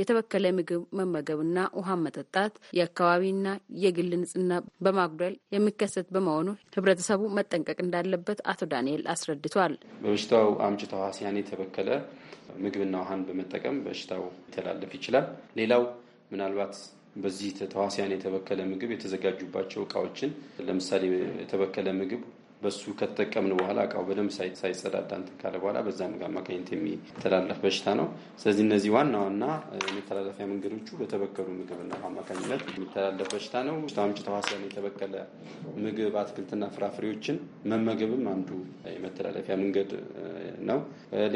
E: የተበከለ ምግብ መመገብና ውሃ መጠጣት የአካባቢና የግል ንጽህና በማጉደል የሚከሰት በመሆኑ ህብረተሰቡ መጠንቀቅ እንዳለበት አቶ ዳንኤል አስረድቷል።
N: በበሽታው አምጪ ተዋሲያን የተበከለ ምግብና ውሃን በመጠቀም በሽታው ሊተላለፍ ይችላል። ሌላው ምናልባት በዚህ ተዋሲያን የተበከለ ምግብ የተዘጋጁባቸው እቃዎችን ለምሳሌ የተበከለ ምግብ በሱ ከተጠቀምን በኋላ እቃው በደንብ ሳይጸዳዳ እንትን ካለ በኋላ በዛ አማካኝነት የሚተላለፍ በሽታ ነው። ስለዚህ እነዚህ ዋና ዋና መተላለፊያ መንገዶቹ በተበከሉ ምግብና አማካኝነት የሚተላለፍ በሽታ ነው። በሽታ አምጪ ተዋሲያን የተበከለ ምግብ፣ አትክልትና ፍራፍሬዎችን መመገብም አንዱ የመተላለፊያ መንገድ ነው።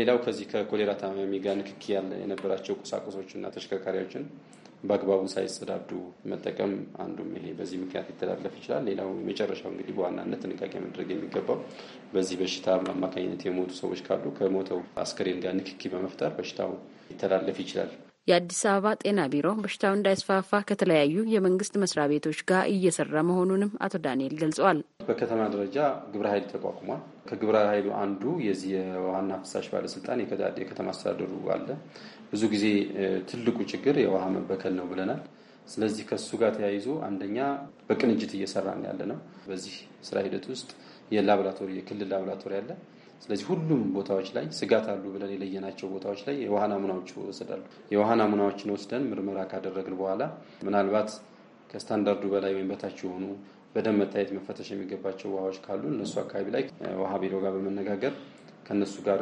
N: ሌላው ከዚህ ከኮሌራ ታማሚ ጋር ንክኪ ያለ የነበራቸው ቁሳቁሶችና ተሽከርካሪዎችን በአግባቡ ሳይጸዳዱ መጠቀም አንዱ ይሄ በዚህ ምክንያት ሊተላለፍ ይችላል። ሌላው የመጨረሻው እንግዲህ በዋናነት ጥንቃቄ መድረግ የሚገባው በዚህ በሽታ አማካኝነት የሞቱ ሰዎች ካሉ ከሞተው አስከሬን ጋር ንክኪ በመፍጠር በሽታው ሊተላለፍ ይችላል።
E: የአዲስ አበባ ጤና ቢሮ በሽታው እንዳይስፋፋ ከተለያዩ የመንግስት መስሪያ ቤቶች ጋር እየሰራ መሆኑንም አቶ ዳንኤል ገልጸዋል።
N: በከተማ ደረጃ ግብረ ኃይል ተቋቁሟል። ከግብረ ኃይሉ አንዱ የዚህ የዋና ፍሳሽ ባለስልጣን የከተማ አስተዳደሩ አለ ብዙ ጊዜ ትልቁ ችግር የውሃ መበከል ነው ብለናል። ስለዚህ ከሱ ጋር ተያይዞ አንደኛ በቅንጅት እየሰራን ያለ ነው። በዚህ ስራ ሂደት ውስጥ የላቦራቶሪ የክልል ላቦራቶሪ አለ። ስለዚህ ሁሉም ቦታዎች ላይ ስጋት አሉ ብለን የለየናቸው ቦታዎች ላይ የውሃ ናሙናዎች ይወሰዳሉ። የውሃ ናሙናዎችን ወስደን ምርመራ ካደረግን በኋላ ምናልባት ከስታንዳርዱ በላይ ወይም በታች የሆኑ በደንብ መታየት መፈተሽ የሚገባቸው ውሃዎች ካሉ እነሱ አካባቢ ላይ ውሃ ቢሮ ጋር በመነጋገር ከነሱ ጋር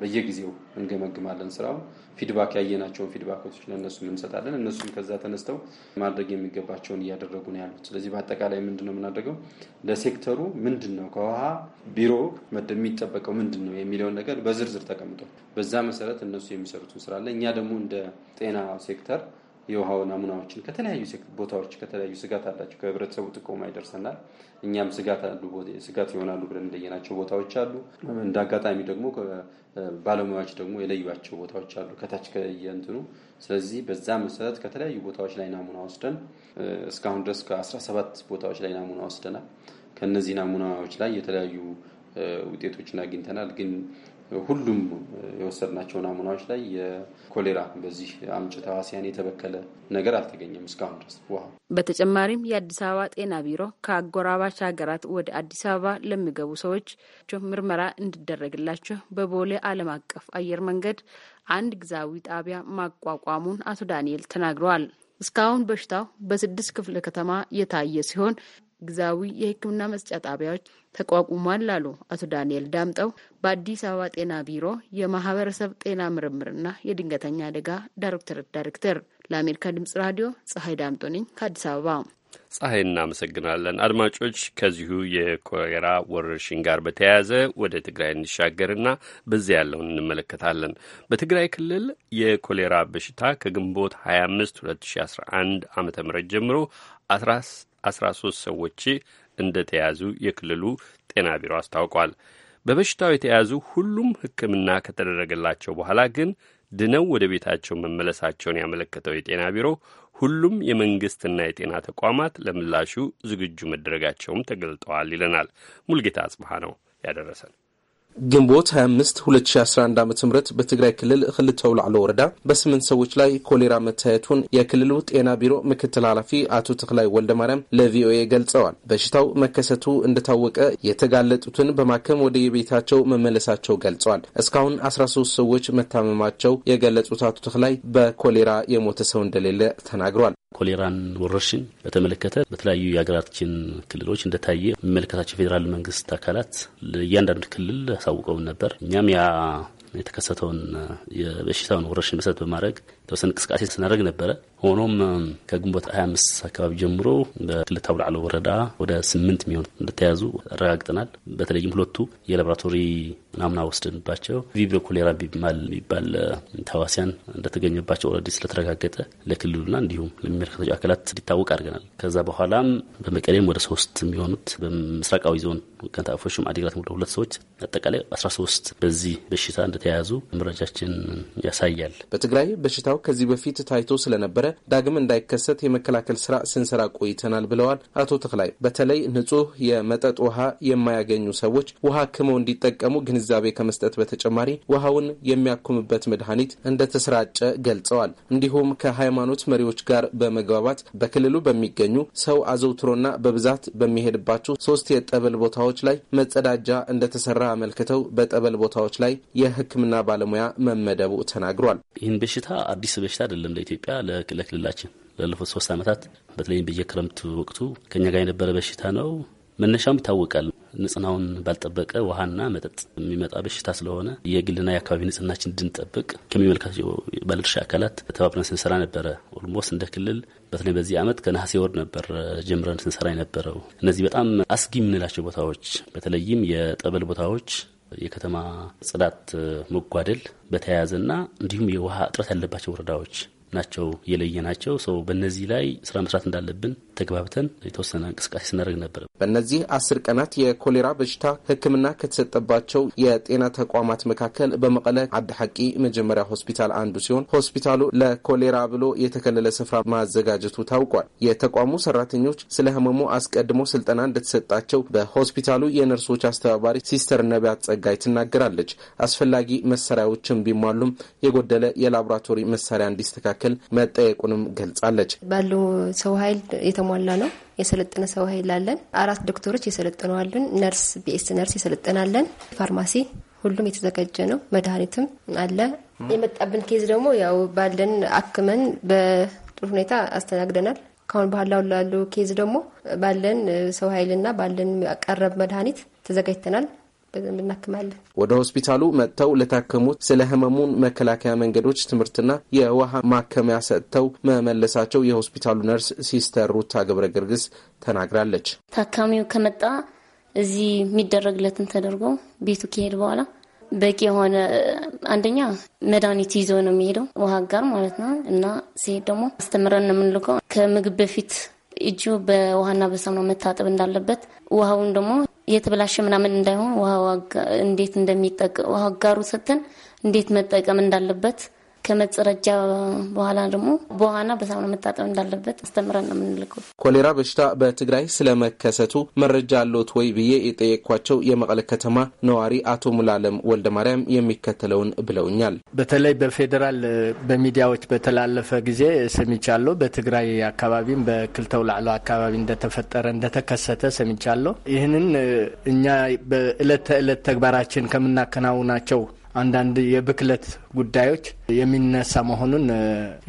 N: በየጊዜው እንገመግማለን። ስራውን ፊድባክ ያየናቸውን ፊድባኮች ለእነሱም እንሰጣለን። እነሱም ከዛ ተነስተው ማድረግ የሚገባቸውን እያደረጉ ነው ያሉት። ስለዚህ በአጠቃላይ ምንድን ነው የምናደርገው ለሴክተሩ ምንድን ነው ከውሃ ቢሮ የሚጠበቀው ምንድን ነው የሚለውን ነገር በዝርዝር ተቀምጧል። በዛ መሰረት እነሱ የሚሰሩትን ስራ አለ። እኛ ደግሞ እንደ ጤና ሴክተር የውሃው ናሙናዎችን ከተለያዩ ቦታዎች ከተለያዩ ስጋት አላቸው ከህብረተሰቡ ጥቆማ ይደርሰናል። እኛም ስጋት ስጋት ይሆናሉ ብለን እንደየናቸው ቦታዎች አሉ። እንደ አጋጣሚ ደግሞ ባለሙያዎች ደግሞ የለዩቸው ቦታዎች አሉ ከታች ከየንትኑ። ስለዚህ በዛ መሰረት ከተለያዩ ቦታዎች ላይ ናሙና ወስደን እስካሁን ድረስ ከአስራ ሰባት ቦታዎች ላይ ናሙና ወስደናል። ከእነዚህ ናሙናዎች ላይ የተለያዩ ውጤቶችን አግኝተናል ግን ሁሉም የወሰድናቸው ናሙናዎች ላይ የኮሌራ በዚህ አምጪ ተዋሲያን የተበከለ ነገር አልተገኘም እስካሁን ድረስ። ውሃ
E: በተጨማሪም የአዲስ አበባ ጤና ቢሮ ከአጎራባች ሀገራት ወደ አዲስ አበባ ለሚገቡ ሰዎች ምርመራ እንዲደረግላቸው በቦሌ ዓለም አቀፍ አየር መንገድ አንድ ግዛዊ ጣቢያ ማቋቋሙን አቶ ዳንኤል ተናግረዋል። እስካሁን በሽታው በስድስት ክፍለ ከተማ የታየ ሲሆን ግዛዊ የሕክምና መስጫ ጣቢያዎች ተቋቁሟል አሉ አቶ ዳንኤል ዳምጠው በአዲስ አበባ ጤና ቢሮ የማህበረሰብ ጤና ምርምርና የድንገተኛ አደጋ ዳይሬክተር ዳይሬክተር። ለአሜሪካ ድምጽ ራዲዮ ፀሐይ ዳምጦ ነኝ ከአዲስ አበባ።
N: ፀሐይ
A: እናመሰግናለን። አድማጮች ከዚሁ የኮሌራ ወረርሽኝ ጋር በተያያዘ ወደ ትግራይ እንሻገርና በዚያ ያለውን እንመለከታለን። በትግራይ ክልል የኮሌራ በሽታ ከግንቦት 25 2011 ዓ ም ጀምሮ አስራ ሶስት ሰዎች እንደተያዙ የክልሉ ጤና ቢሮ አስታውቋል። በበሽታው የተያዙ ሁሉም ሕክምና ከተደረገላቸው በኋላ ግን ድነው ወደ ቤታቸው መመለሳቸውን ያመለከተው የጤና ቢሮ ሁሉም የመንግስትና የጤና ተቋማት ለምላሹ ዝግጁ መደረጋቸውም ተገልጠዋል ይለናል። ሙልጌታ አጽብሃ ነው ያደረሰን።
O: ግንቦት 25 2011 ዓ ም በትግራይ ክልል ክልተው ላዕሎ ወረዳ በስምንት ሰዎች ላይ ኮሌራ መታየቱን የክልሉ ጤና ቢሮ ምክትል ኃላፊ አቶ ተክላይ ወልደማርያም ለቪኦኤ ገልጸዋል። በሽታው መከሰቱ እንደታወቀ የተጋለጡትን በማከም ወደ የቤታቸው መመለሳቸው ገልጸዋል። እስካሁን 13 ሰዎች መታመማቸው የገለጹት አቶ ተክላይ
P: በኮሌራ የሞተ ሰው እንደሌለ ተናግሯል። ኮሌራን ወረርሽኝ በተመለከተ በተለያዩ የሀገራችን ክልሎች እንደታየ የሚመለከታቸው ፌዴራል መንግስት አካላት ለእያንዳንዱ ክልል አሳውቀውን ነበር። እኛም ያ የተከሰተውን የበሽታውን ወረርሽኝ መሰረት በማድረግ ተወሰነ እንቅስቃሴ ስናደርግ ነበረ። ሆኖም ከግንቦት 25 አካባቢ ጀምሮ በክልተ አውላዕሎ ወረዳ ወደ ስምንት የሚሆኑ እንደተያዙ አረጋግጠናል። በተለይም ሁለቱ የላቦራቶሪ ናሙና ወስደንባቸው ቪብሪዮ ኮሌራ ቢማል የሚባል ተዋሲያን እንደተገኘባቸው ኦልሬዲ ስለተረጋገጠ ለክልሉና እንዲሁም ለሚመለከታቸው አካላት እንዲታወቅ አድርገናል። ከዛ በኋላም በመቀሌም ወደ ሶስት የሚሆኑት በምስራቃዊ ዞን ከንታፎሽም አዲግራት ወደ ሁለት ሰዎች አጠቃላይ 13 በዚህ በሽታ እንደተያያዙ መረጃችን ያሳያል። በትግራይ በሽታ
O: ኪሳራው ከዚህ በፊት ታይቶ ስለነበረ ዳግም እንዳይከሰት የመከላከል ስራ ስንሰራ ቆይተናል ብለዋል አቶ ተክላይ። በተለይ ንጹህ የመጠጥ ውሃ የማያገኙ ሰዎች ውሃ ክመው እንዲጠቀሙ ግንዛቤ ከመስጠት በተጨማሪ ውሃውን የሚያኩምበት መድኃኒት እንደተሰራጨ ገልጸዋል። እንዲሁም ከሃይማኖት መሪዎች ጋር በመግባባት በክልሉ በሚገኙ ሰው አዘውትሮና በብዛት በሚሄድባቸው ሶስት የጠበል ቦታዎች ላይ መጸዳጃ እንደተሰራ አመልክተው በጠበል ቦታዎች ላይ የሕክምና ባለሙያ መመደቡ ተናግሯል።
P: ይህን በሽታ አዲስ በሽታ አይደለም ለኢትዮጵያ ለክልላችን ላለፉት ሶስት ዓመታት በተለይም በየክረምት ወቅቱ ከኛ ጋር የነበረ በሽታ ነው። መነሻውም ይታወቃል። ንጽህናውን ባልጠበቀ ውሃና መጠጥ የሚመጣ በሽታ ስለሆነ የግልና የአካባቢ ንጽህናችን እንድንጠብቅ ከሚመልከታቸው ባለድርሻ አካላት ተባብረን ስንሰራ ነበረ። ኦልሞስ እንደ ክልል በተለይ በዚህ ዓመት ከነሐሴ ወር ነበር ጀምረን ስንሰራ የነበረው። እነዚህ በጣም አስጊ የምንላቸው ቦታዎች በተለይም የጠበል ቦታዎች የከተማ ጽዳት መጓደል በተያያዘና እንዲሁም የውሃ እጥረት ያለባቸው ወረዳዎች ናቸው የለየ ናቸው። ሰው በእነዚህ ላይ ስራ መስራት እንዳለብን ተግባብተን የተወሰነ እንቅስቃሴ ስናደርግ ነበር። በእነዚህ አስር ቀናት የኮሌራ በሽታ ሕክምና ከተሰጠባቸው
O: የጤና ተቋማት መካከል በመቀለ አዲ ሐቂ መጀመሪያ ሆስፒታል አንዱ ሲሆን ሆስፒታሉ ለኮሌራ ብሎ የተከለለ ስፍራ ማዘጋጀቱ ታውቋል። የተቋሙ ሰራተኞች ስለ ህመሙ አስቀድሞ ስልጠና እንደተሰጣቸው በሆስፒታሉ የነርሶች አስተባባሪ ሲስተር ነቢያት ጸጋይ ትናገራለች። አስፈላጊ መሳሪያዎችን ቢሟሉም የጎደለ የላቦራቶሪ መሳሪያ እንዲስተካከል መጠየቁንም ገልጻለች።
J: ባለው ሰው ኃይል የተሟላ ነው። የሰለጠነ ሰው ኃይል አለን። አራት ዶክተሮች የሰለጠነዋለን። ነርስ ቢኤስ ነርስ የሰለጠናለን። ፋርማሲ ሁሉም የተዘጋጀ ነው። መድኃኒትም አለ። የመጣብን ኬዝ ደግሞ ያው ባለን አክመን በጥሩ ሁኔታ አስተናግደናል። ካሁን ባህላው ላሉ ኬዝ ደግሞ ባለን ሰው ኃይልና ባለን ቀረብ መድኃኒት ተዘጋጅተናል። በደንብ እናክማለን።
O: ወደ ሆስፒታሉ መጥተው ለታከሙት ስለ ህመሙን መከላከያ መንገዶች ትምህርትና የውሃ ማከሚያ ሰጥተው መመለሳቸው የሆስፒታሉ ነርስ ሲስተር ሩታ ገብረ ግርግስ ተናግራለች።
P: ታካሚው ከመጣ እዚህ የሚደረግለትን ተደርጎ ቤቱ ከሄድ በኋላ በቂ የሆነ አንደኛ መድኃኒት ይዞ ነው የሚሄደው ውሃ ጋር ማለት ነው እና ሲሄድ ደግሞ አስተምረን ነው የምንልከው ከምግብ በፊት እጁ በውሃና በሳሙና መታጠብ እንዳለበት፣ ውሃውን ደግሞ የተበላሸ ምናምን እንዳይሆን ውሃ እንዴት እንደሚጠቀም ውሃ ጋሩ ሰጥተን እንዴት መጠቀም እንዳለበት ከመጸረጃ በኋላ ደግሞ በኋና በሳሙና መታጠብ እንዳለበት አስተምረን ነው የምንልከው።
O: ኮሌራ በሽታ በትግራይ ስለመከሰቱ መረጃ አለዎት ወይ ብዬ የጠየቅኳቸው የመቀለ ከተማ ነዋሪ አቶ ሙላለም ወልደ ማርያም የሚከተለውን ብለውኛል።
I: በተለይ በፌዴራል በሚዲያዎች በተላለፈ ጊዜ ሰምቻለሁ። በትግራይ አካባቢም በክልተው ላዕሎ አካባቢ እንደተፈጠረ እንደተከሰተ ሰምቻለሁ። ይህንን እኛ በእለት ተዕለት ተግባራችን ከምናከናውናቸው አንዳንድ የብክለት ጉዳዮች የሚነሳ መሆኑን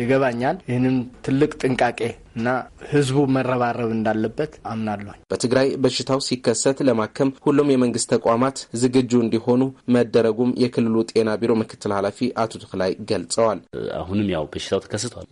O: ይገባኛል። ይህንም ትልቅ ጥንቃቄ እና ህዝቡ መረባረብ እንዳለበት አምናለሁ። በትግራይ በሽታው ሲከሰት ለማከም ሁሉም የመንግስት ተቋማት ዝግጁ እንዲሆኑ መደረጉም የክልሉ ጤና ቢሮ ምክትል ኃላፊ አቶ ተክላይ ገልጸዋል። አሁንም ያው
P: በሽታው ተከስቷል።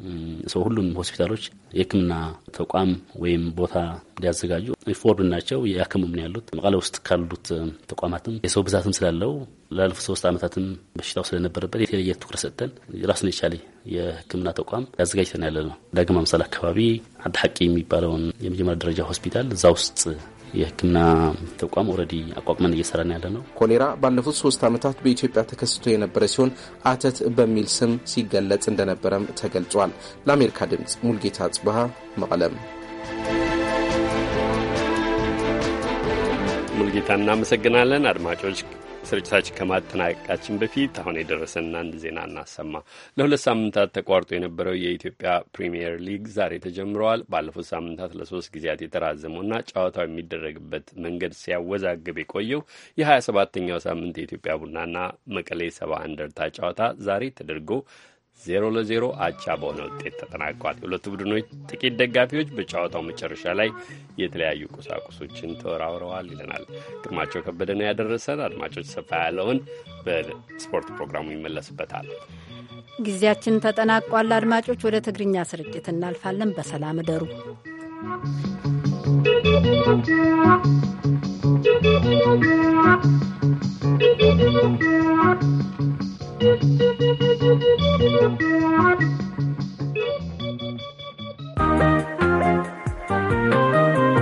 P: ሰው ሁሉም ሆስፒታሎች የህክምና ተቋም ወይም ቦታ እንዲያዘጋጁ ኢንፎርምድ ናቸው። የአክምም ያሉት መቀለ ውስጥ ካሉት ተቋማትም የሰው ብዛትም ስላለው ላለፉት ሶስት ዓመታትም በሽታው ስለነበረበት የተለየ ትኩረት ሰጥተን ራሱን የቻለ የሕክምና ተቋም ያዘጋጅተን ያለ ነው። ዳግም አምሳል አካባቢ አድ ሀቂ የሚባለውን የመጀመሪያ ደረጃ ሆስፒታል እዛ ውስጥ የህክምና ተቋም ኦልሬዲ አቋቁመን እየሰራን ያለ ነው። ኮሌራ ባለፉት
O: ሶስት ዓመታት በኢትዮጵያ ተከስቶ የነበረ ሲሆን አተት በሚል ስም ሲገለጽ እንደነበረም ተገልጿል። ለአሜሪካ ድምፅ ሙልጌታ ጽብሃ መቀለም።
A: ሙልጌታ እናመሰግናለን አድማጮች ስርጭታችን ከማጠናቀቃችን በፊት አሁን የደረሰን አንድ ዜና እናሰማ። ለሁለት ሳምንታት ተቋርጦ የነበረው የኢትዮጵያ ፕሪምየር ሊግ ዛሬ ተጀምረዋል። ባለፉት ሳምንታት ለሶስት ጊዜያት የተራዘመውና ጨዋታው የሚደረግበት መንገድ ሲያወዛግብ የቆየው የሀያ ሰባተኛው ሳምንት የኢትዮጵያ ቡናና መቀሌ ሰባ እንደርታ ጨዋታ ዛሬ ተደርጎ ዜሮ ለዜሮ አቻ በሆነ ውጤት ተጠናቋል። የሁለቱ ቡድኖች ጥቂት ደጋፊዎች በጨዋታው መጨረሻ ላይ የተለያዩ ቁሳቁሶችን ተወራውረዋል ይለናል ግርማቸው ከበደ ነው ያደረሰን። አድማጮች ሰፋ ያለውን በስፖርት ፕሮግራሙ ይመለስበታል።
C: ጊዜያችን ተጠናቋል። አድማጮች ወደ ትግርኛ ስርጭት እናልፋለን። በሰላም እደሩ።
M: Thank
F: you.